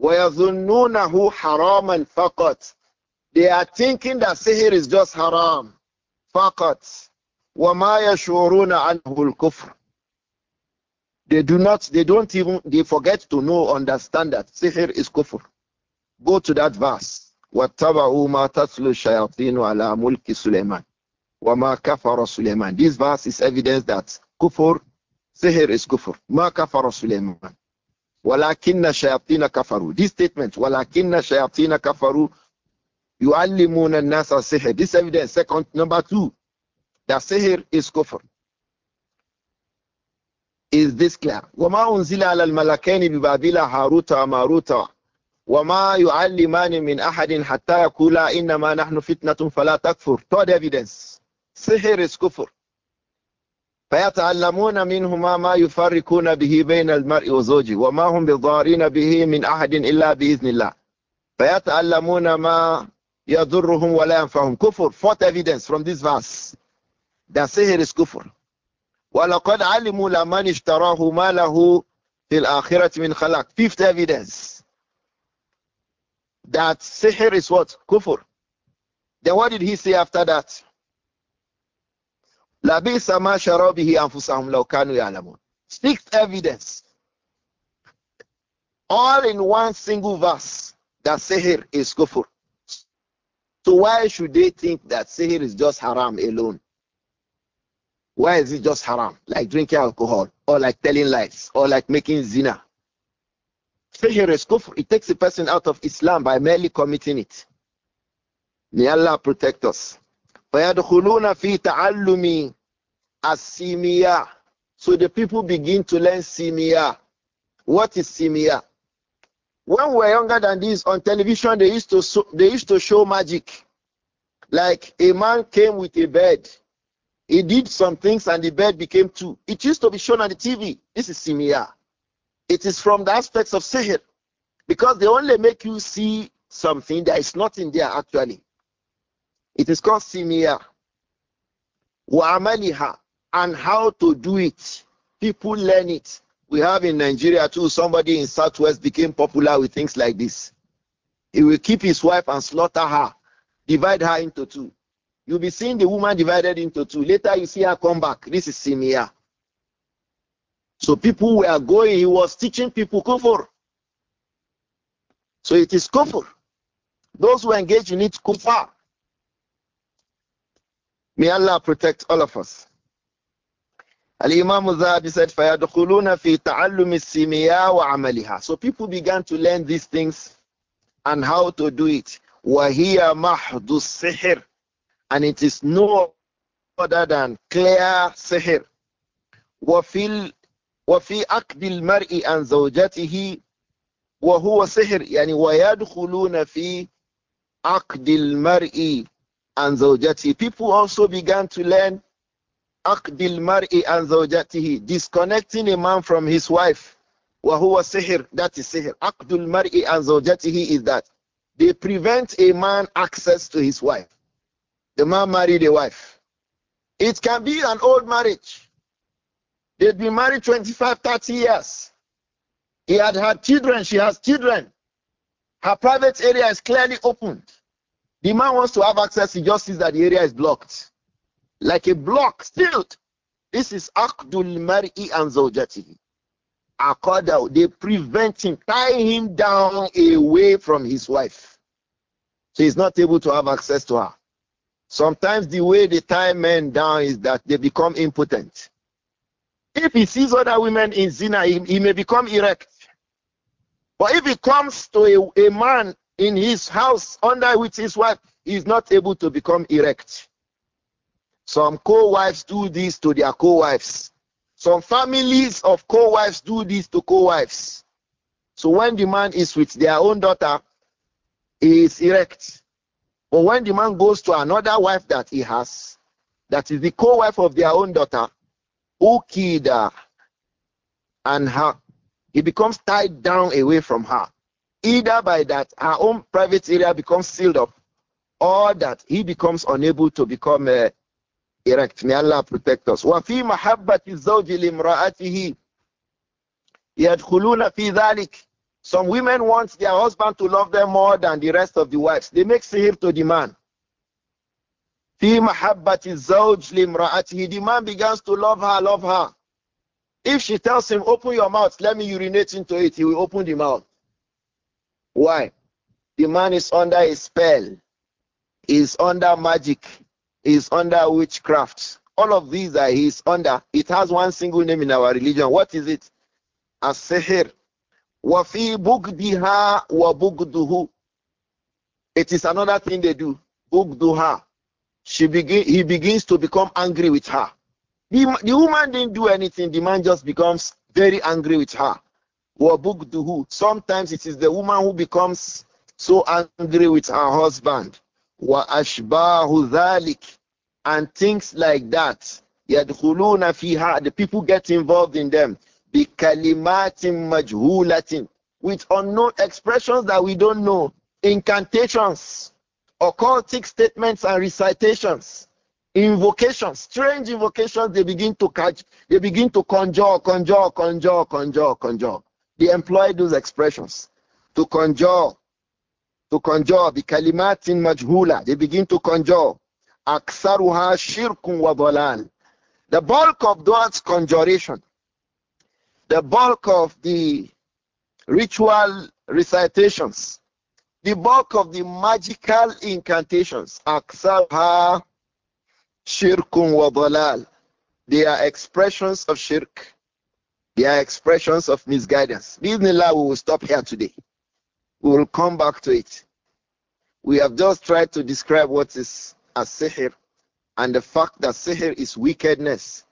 ويظنونه حراما فقط they are thinking that sihr is just haram. Faqat. وَمَا يَشْعُرُونَ عَنْهُ الْكُفْرِ They do not, they don't even, they forget to know, understand that sihr is kufr. Go to that verse. وَاتَّبَعُوا مَا تَتْلُو الشَّيَاطِينُ عَلَى مُلْكِ سُلَيْمَانِ وَمَا كَفَرَ سُلَيْمَانِ This verse is evidence that kufr, sihr is kufr. مَا كَفَرَ سُلَيْمَانِ وَلَكِنَّ الشَّيَاطِينَ كَفَرُوا This statement, وَلَكِنَّ الشَّيَاطِينَ كَفَرُوا يعلمون الناس السحر. This evidence, second, number two, that sihr is kufr. Is this clear? وما أنزل على الملكين ببابل هاروت وماروت وما يعلمان من أحد حتى يقولا إنما نحن فتنة فلا تكفر. Third evidence, sihr is kufr. فيتعلمون منهما ما يفرقون به بين المرء وزوجه وما هم بضارين به من أحد إلا بإذن الله فيتعلمون ما يضرهم ولا ينفعهم كفر فوت ايفيدنس فروم ذيس فاس that sihr is kufr ولقد علموا لمن اشتراه ما له في الآخرة من خلاق fifth evidence that sihr is what kufr then what did he say after that لبئس ما شروا به أنفسهم لو كانوا يعلمون sixth evidence all in one single verse that sihr is kufur So why should they think that sihir is just haram alone? Why is it just haram? Like drinking alcohol, or like telling lies, or like making zina. Sihir is kufr. It takes a person out of Islam by merely committing it. May Allah protect us. So the people begin to learn simia. What is simia? When we were younger than this, on television they used to so, they used to show magic. Like a man came with a bed, he did some things and the bed became two. It used to be shown on the TV. This is simia. It is from the aspects of sihir because they only make you see something that is not in there actually. It is called simia. amaliha, and how to do it. People learn it. We have in Nigeria too, somebody in Southwest became popular with things like this. He will keep his wife and slaughter her, divide her into two. You'll be seeing the woman divided into two. Later, you see her come back. This is Simia. So people were going, he was teaching people kufur. So it is kufur. Those who engage in it, kufar. May Allah protect all of us. Al-Imam Zahabi said, فَيَدْخُلُونَ فِي تَعَلُّمِ السِّمِيَا وَعَمَلِهَا So people began to learn these things and how to do it. وَهِيَ مَحْضُ السِّحِرِ And it is no other than clear sihr. وَفِي, وفي وفي akdil الْمَرْءِ عَنْ زَوْجَتِهِ وَهُوَ سِحْرِ يعني وَيَدْخُلُونَ فِي عَقْدِ الْمَرْءِ عَنْ زَوْجَتِهِ People also began to learn Aqdil mar'i an zawjatihi. Disconnecting a man from his wife. Wa huwa sihr. That is sihr. Aqdul mar'i an zawjatihi is that. They prevent a man access to his wife. The man married a wife. It can be an old marriage. they have been married 25, 30 years. He had had children. She has children. Her private area is clearly opened. The man wants to have access. He just sees that the area is blocked like a block filled. This is Akdul Mar'i and Zawjatihi. Akada, they prevent him, tie him down away from his wife. So he's not able to have access to her. Sometimes the way they tie men down is that they become impotent. If he sees other women in zina, he, he may become erect. But if he comes to a, a man in his house under with his wife, he's not able to become erect. Some co wives do this to their co wives. Some families of co wives do this to co wives. So when the man is with their own daughter, he is erect. But when the man goes to another wife that he has, that is the co wife of their own daughter, Ukida, and her, he becomes tied down away from her. Either by that her own private area becomes sealed up, or that he becomes unable to become a erect. May Allah protect us. وَفِي مَحَبَّةِ الزَّوْجِ لِمْرَأَتِهِ يَدْخُلُونَ فِي ذَلِكِ Some women want their husband to love them more than the rest of the wives. They make sihir to the man. فِي مَحَبَّةِ الزَّوْجِ لِمْرَأَتِهِ The man begins to love her, love her. If she tells him, open your mouth, let me urinate into it, he will open the mouth. Why? The man is under a spell, is under magic is under witchcraft. All of these that he is under, it has one single name in our religion. What is it? As-sihir. وَفِي بُغْدِهَا wa It is another thing they do. Bugduha. She begin, he begins to become angry with her. The, the woman didn't do anything. The man just becomes very angry with her. Sometimes it is the woman who becomes so angry with her husband wa ashbahu and things like that yadkhuluna fiha the people get involved in them with unknown expressions that we don't know incantations occultic statements and recitations invocations strange invocations they begin to catch they begin to conjure conjure conjure conjure conjure they employ those expressions to conjure to conjure bi kalimatin majhula. They begin to conjure. Aksaruha shirkun wa dalal. The bulk of those conjuration, the bulk of the ritual recitations, the bulk of the magical incantations, aksaruha shirkun wa dalal. They are expressions of shirk. They are expressions of misguidance. Bismillah, we will stop here today. We will come back to it. We have just tried to describe what is a sihr and the fact that sihr is wickedness.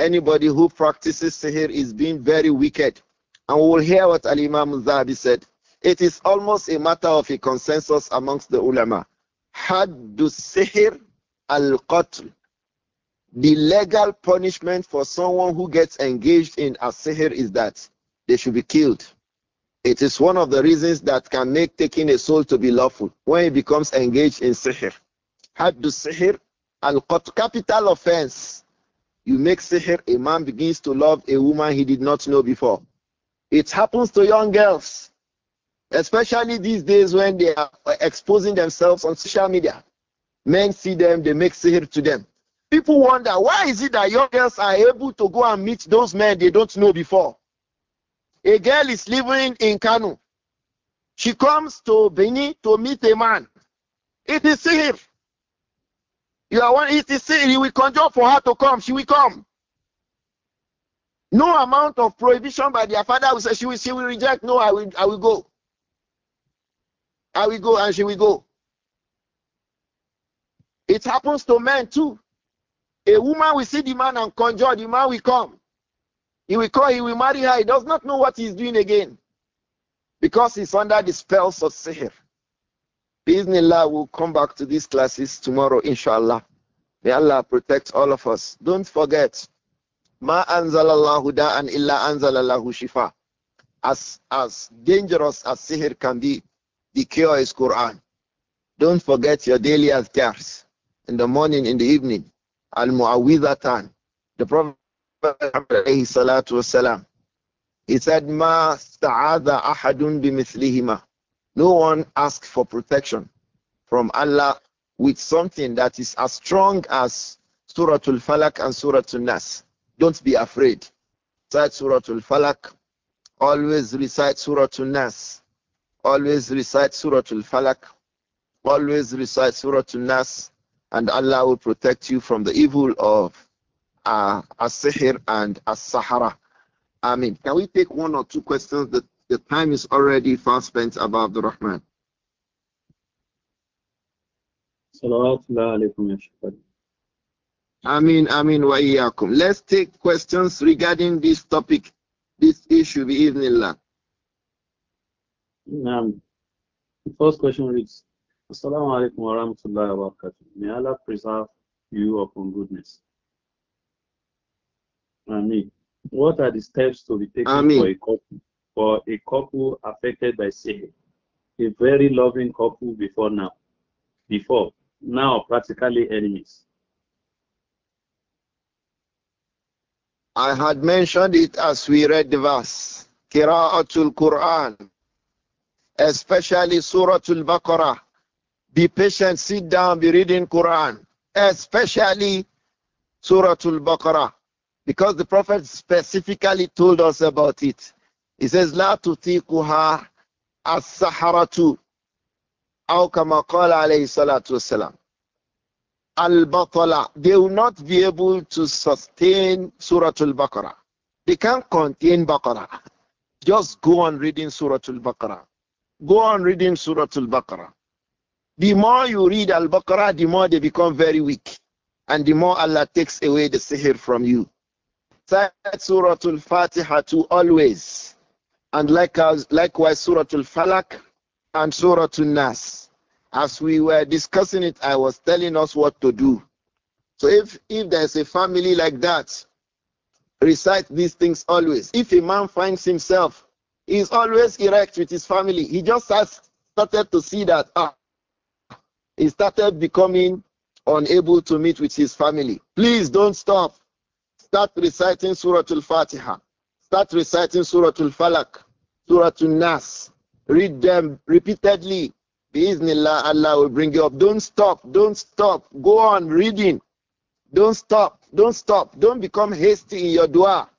Anybody who practices sihr is being very wicked. And we will hear what Al Imam Zahabi said. It is almost a matter of a consensus amongst the ulama. Haddu sihr al qatl. The legal punishment for someone who gets engaged in a sihr is that they should be killed. It is one of the reasons that can make taking a soul to be lawful when it becomes engaged in sihir. Haddu sihr al capital offense. You make sihir, a man begins to love a woman he did not know before. It happens to young girls, especially these days when they are exposing themselves on social media. Men see them, they make sihir to them. People wonder why is it that young girls are able to go and meet those men they don't know before? A girl is living in Kanu. She comes to Beni to meet a man. It is sihir. You are one, it is sihir. You will conjure for her to come. She will come. No amount of prohibition by their father will say she will, she will reject. No, I will, I will go. I will go and she will go. It happens to men too. A woman will see the man and conjure, the man will come. He will call, he will marry her. He does not know what he's doing again because he's under the spells of Sihir. Bismillah, we'll come back to these classes tomorrow, inshallah. May Allah protect all of us. Don't forget, ma anzalallahu da'an illa anzalallahu shifa. As, as dangerous as Sihir can be, the cure is Quran. Don't forget your daily azkars in the morning, in the evening. Al muawwidhatan. The Prophet he said, Ma sta'adha ahadun bimithlihima. No one asks for protection from Allah with something that is as strong as Suratul Falak and Suratul Nas. Don't be afraid. Recite Suratul Falak. Always recite Suratul Nas. Always recite Suratul Falak. Always recite Suratul Nas. And Allah will protect you from the evil of uh, As-Sihir and As-Sahara. I mean, can we take one or two questions? The, the time is already far spent above the Rahman. Amin, Amin, wa iyakum. Let's take questions regarding this topic, this issue, Evening, Um, the first question reads, Assalamu alaikum wa rahmatullahi wa barakatuh. May Allah preserve you upon goodness. I mean, what are the steps to be taken for a couple for a couple affected by sin? A very loving couple before now, before now practically enemies. I had mentioned it as we read the verse. Kiraatul Quran, especially Suratul Baqarah. Be patient, sit down, be reading Quran, especially Suratul Baqarah. Because the Prophet specifically told us about it. He says, La tutikuha as-saharatu. Aw kama qala alayhi salatu wasalam. Al-Batala. They will not be able to sustain Surah Al-Baqarah. They can't contain Baqarah. Just go on reading Surah Al-Baqarah. Go on reading Surah Al-Baqarah. The more you read Al-Baqarah, the more they become very weak. And the more Allah takes away the sihr from you recite Surah Al-Fatiha to always. And likewise, likewise Surah Al-Falak and Surah Al-Nas. As we were discussing it, I was telling us what to do. So if, if there's a family like that, recite these things always. If a man finds himself, he is always erect with his family. He just has started to see that ah, he started becoming unable to meet with his family. Please don't stop. Start reciting Surah Al Fatiha. Start reciting Surah Al Falak, Surah Al Nas. Read them repeatedly. Bismillah, Allah will bring you up. Don't stop. Don't stop. Go on reading. Don't stop. Don't stop. Don't become hasty in your dua.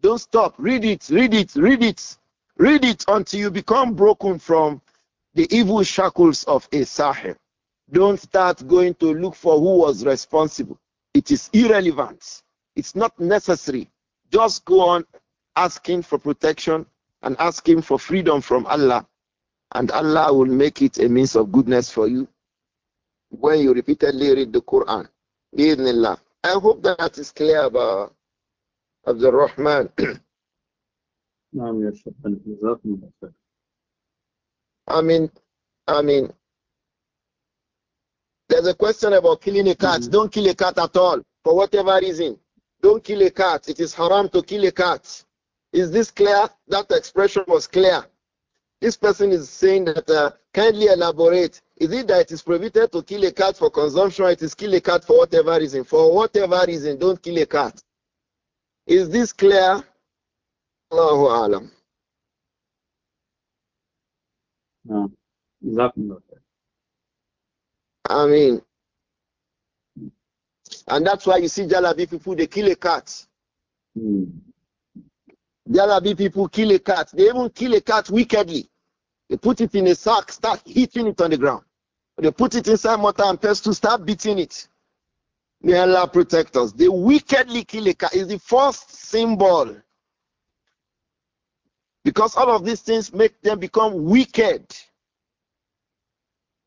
Don't stop. Read it. Read it. Read it. Read it until you become broken from the evil shackles of a sahib. Don't start going to look for who was responsible. It is irrelevant. It's not necessary. Just go on asking for protection and asking for freedom from Allah, and Allah will make it a means of goodness for you when you repeatedly read the Quran. Bismillah. I hope that is clear about Abdul Rahman. I mean, I mean, there's a question about killing a cat. Mm -hmm. Don't kill a cat at all for whatever reason. Don't kill a cat. It is haram to kill a cat. Is this clear? That expression was clear. This person is saying that uh, kindly elaborate. Is it that it is prohibited to kill a cat for consumption? or It is kill a cat for whatever reason. For whatever reason, don't kill a cat. Is this clear? Allahu alam. No, exactly. I mean, and that's why you see Jalabi people, they kill a cat. Mm. Jalabi people kill a cat. They even kill a cat wickedly. They put it in a sack, start hitting it on the ground. They put it inside mortar and pestle, start beating it. They Allah protect us. They wickedly kill a cat. It's the first symbol. Because all of these things make them become wicked.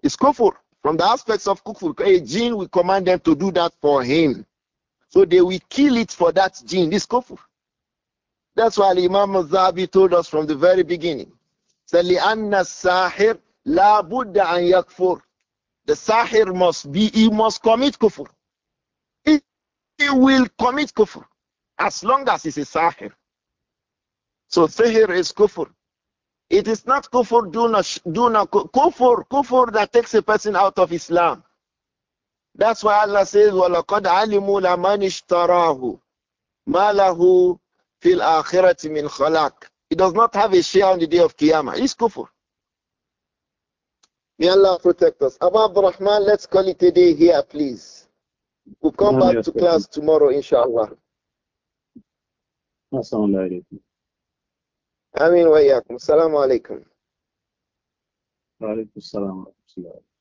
It's kufur. From the aspects of kufur, a jinn will command them to do that for him. So they will kill it for that jinn, this kufur. That's why Imam Zahabi told us from the very beginning. sahir la budda an yakfur. The sahir must be, he must commit kufur. He, he will commit kufur as long as he's a sahir. So sahir is kufur. It is not kufur duna, duna kufur, kufur that takes a person out of Islam. That's why Allah says, وَلَقَدْ عَلِمُوا لَمَنِ اشْتَرَاهُ مَا لَهُ فِي الْآخِرَةِ مِنْ خَلَاقٍ He does not have a share on the day of Qiyamah. It's kufur. May Allah protect us. Abu Abdurrahman, let's call it a day here, please. We'll come back to class tomorrow, inshallah. Assalamu آمين وإياكم السلام عليكم وعليكم السلام ورحمة الله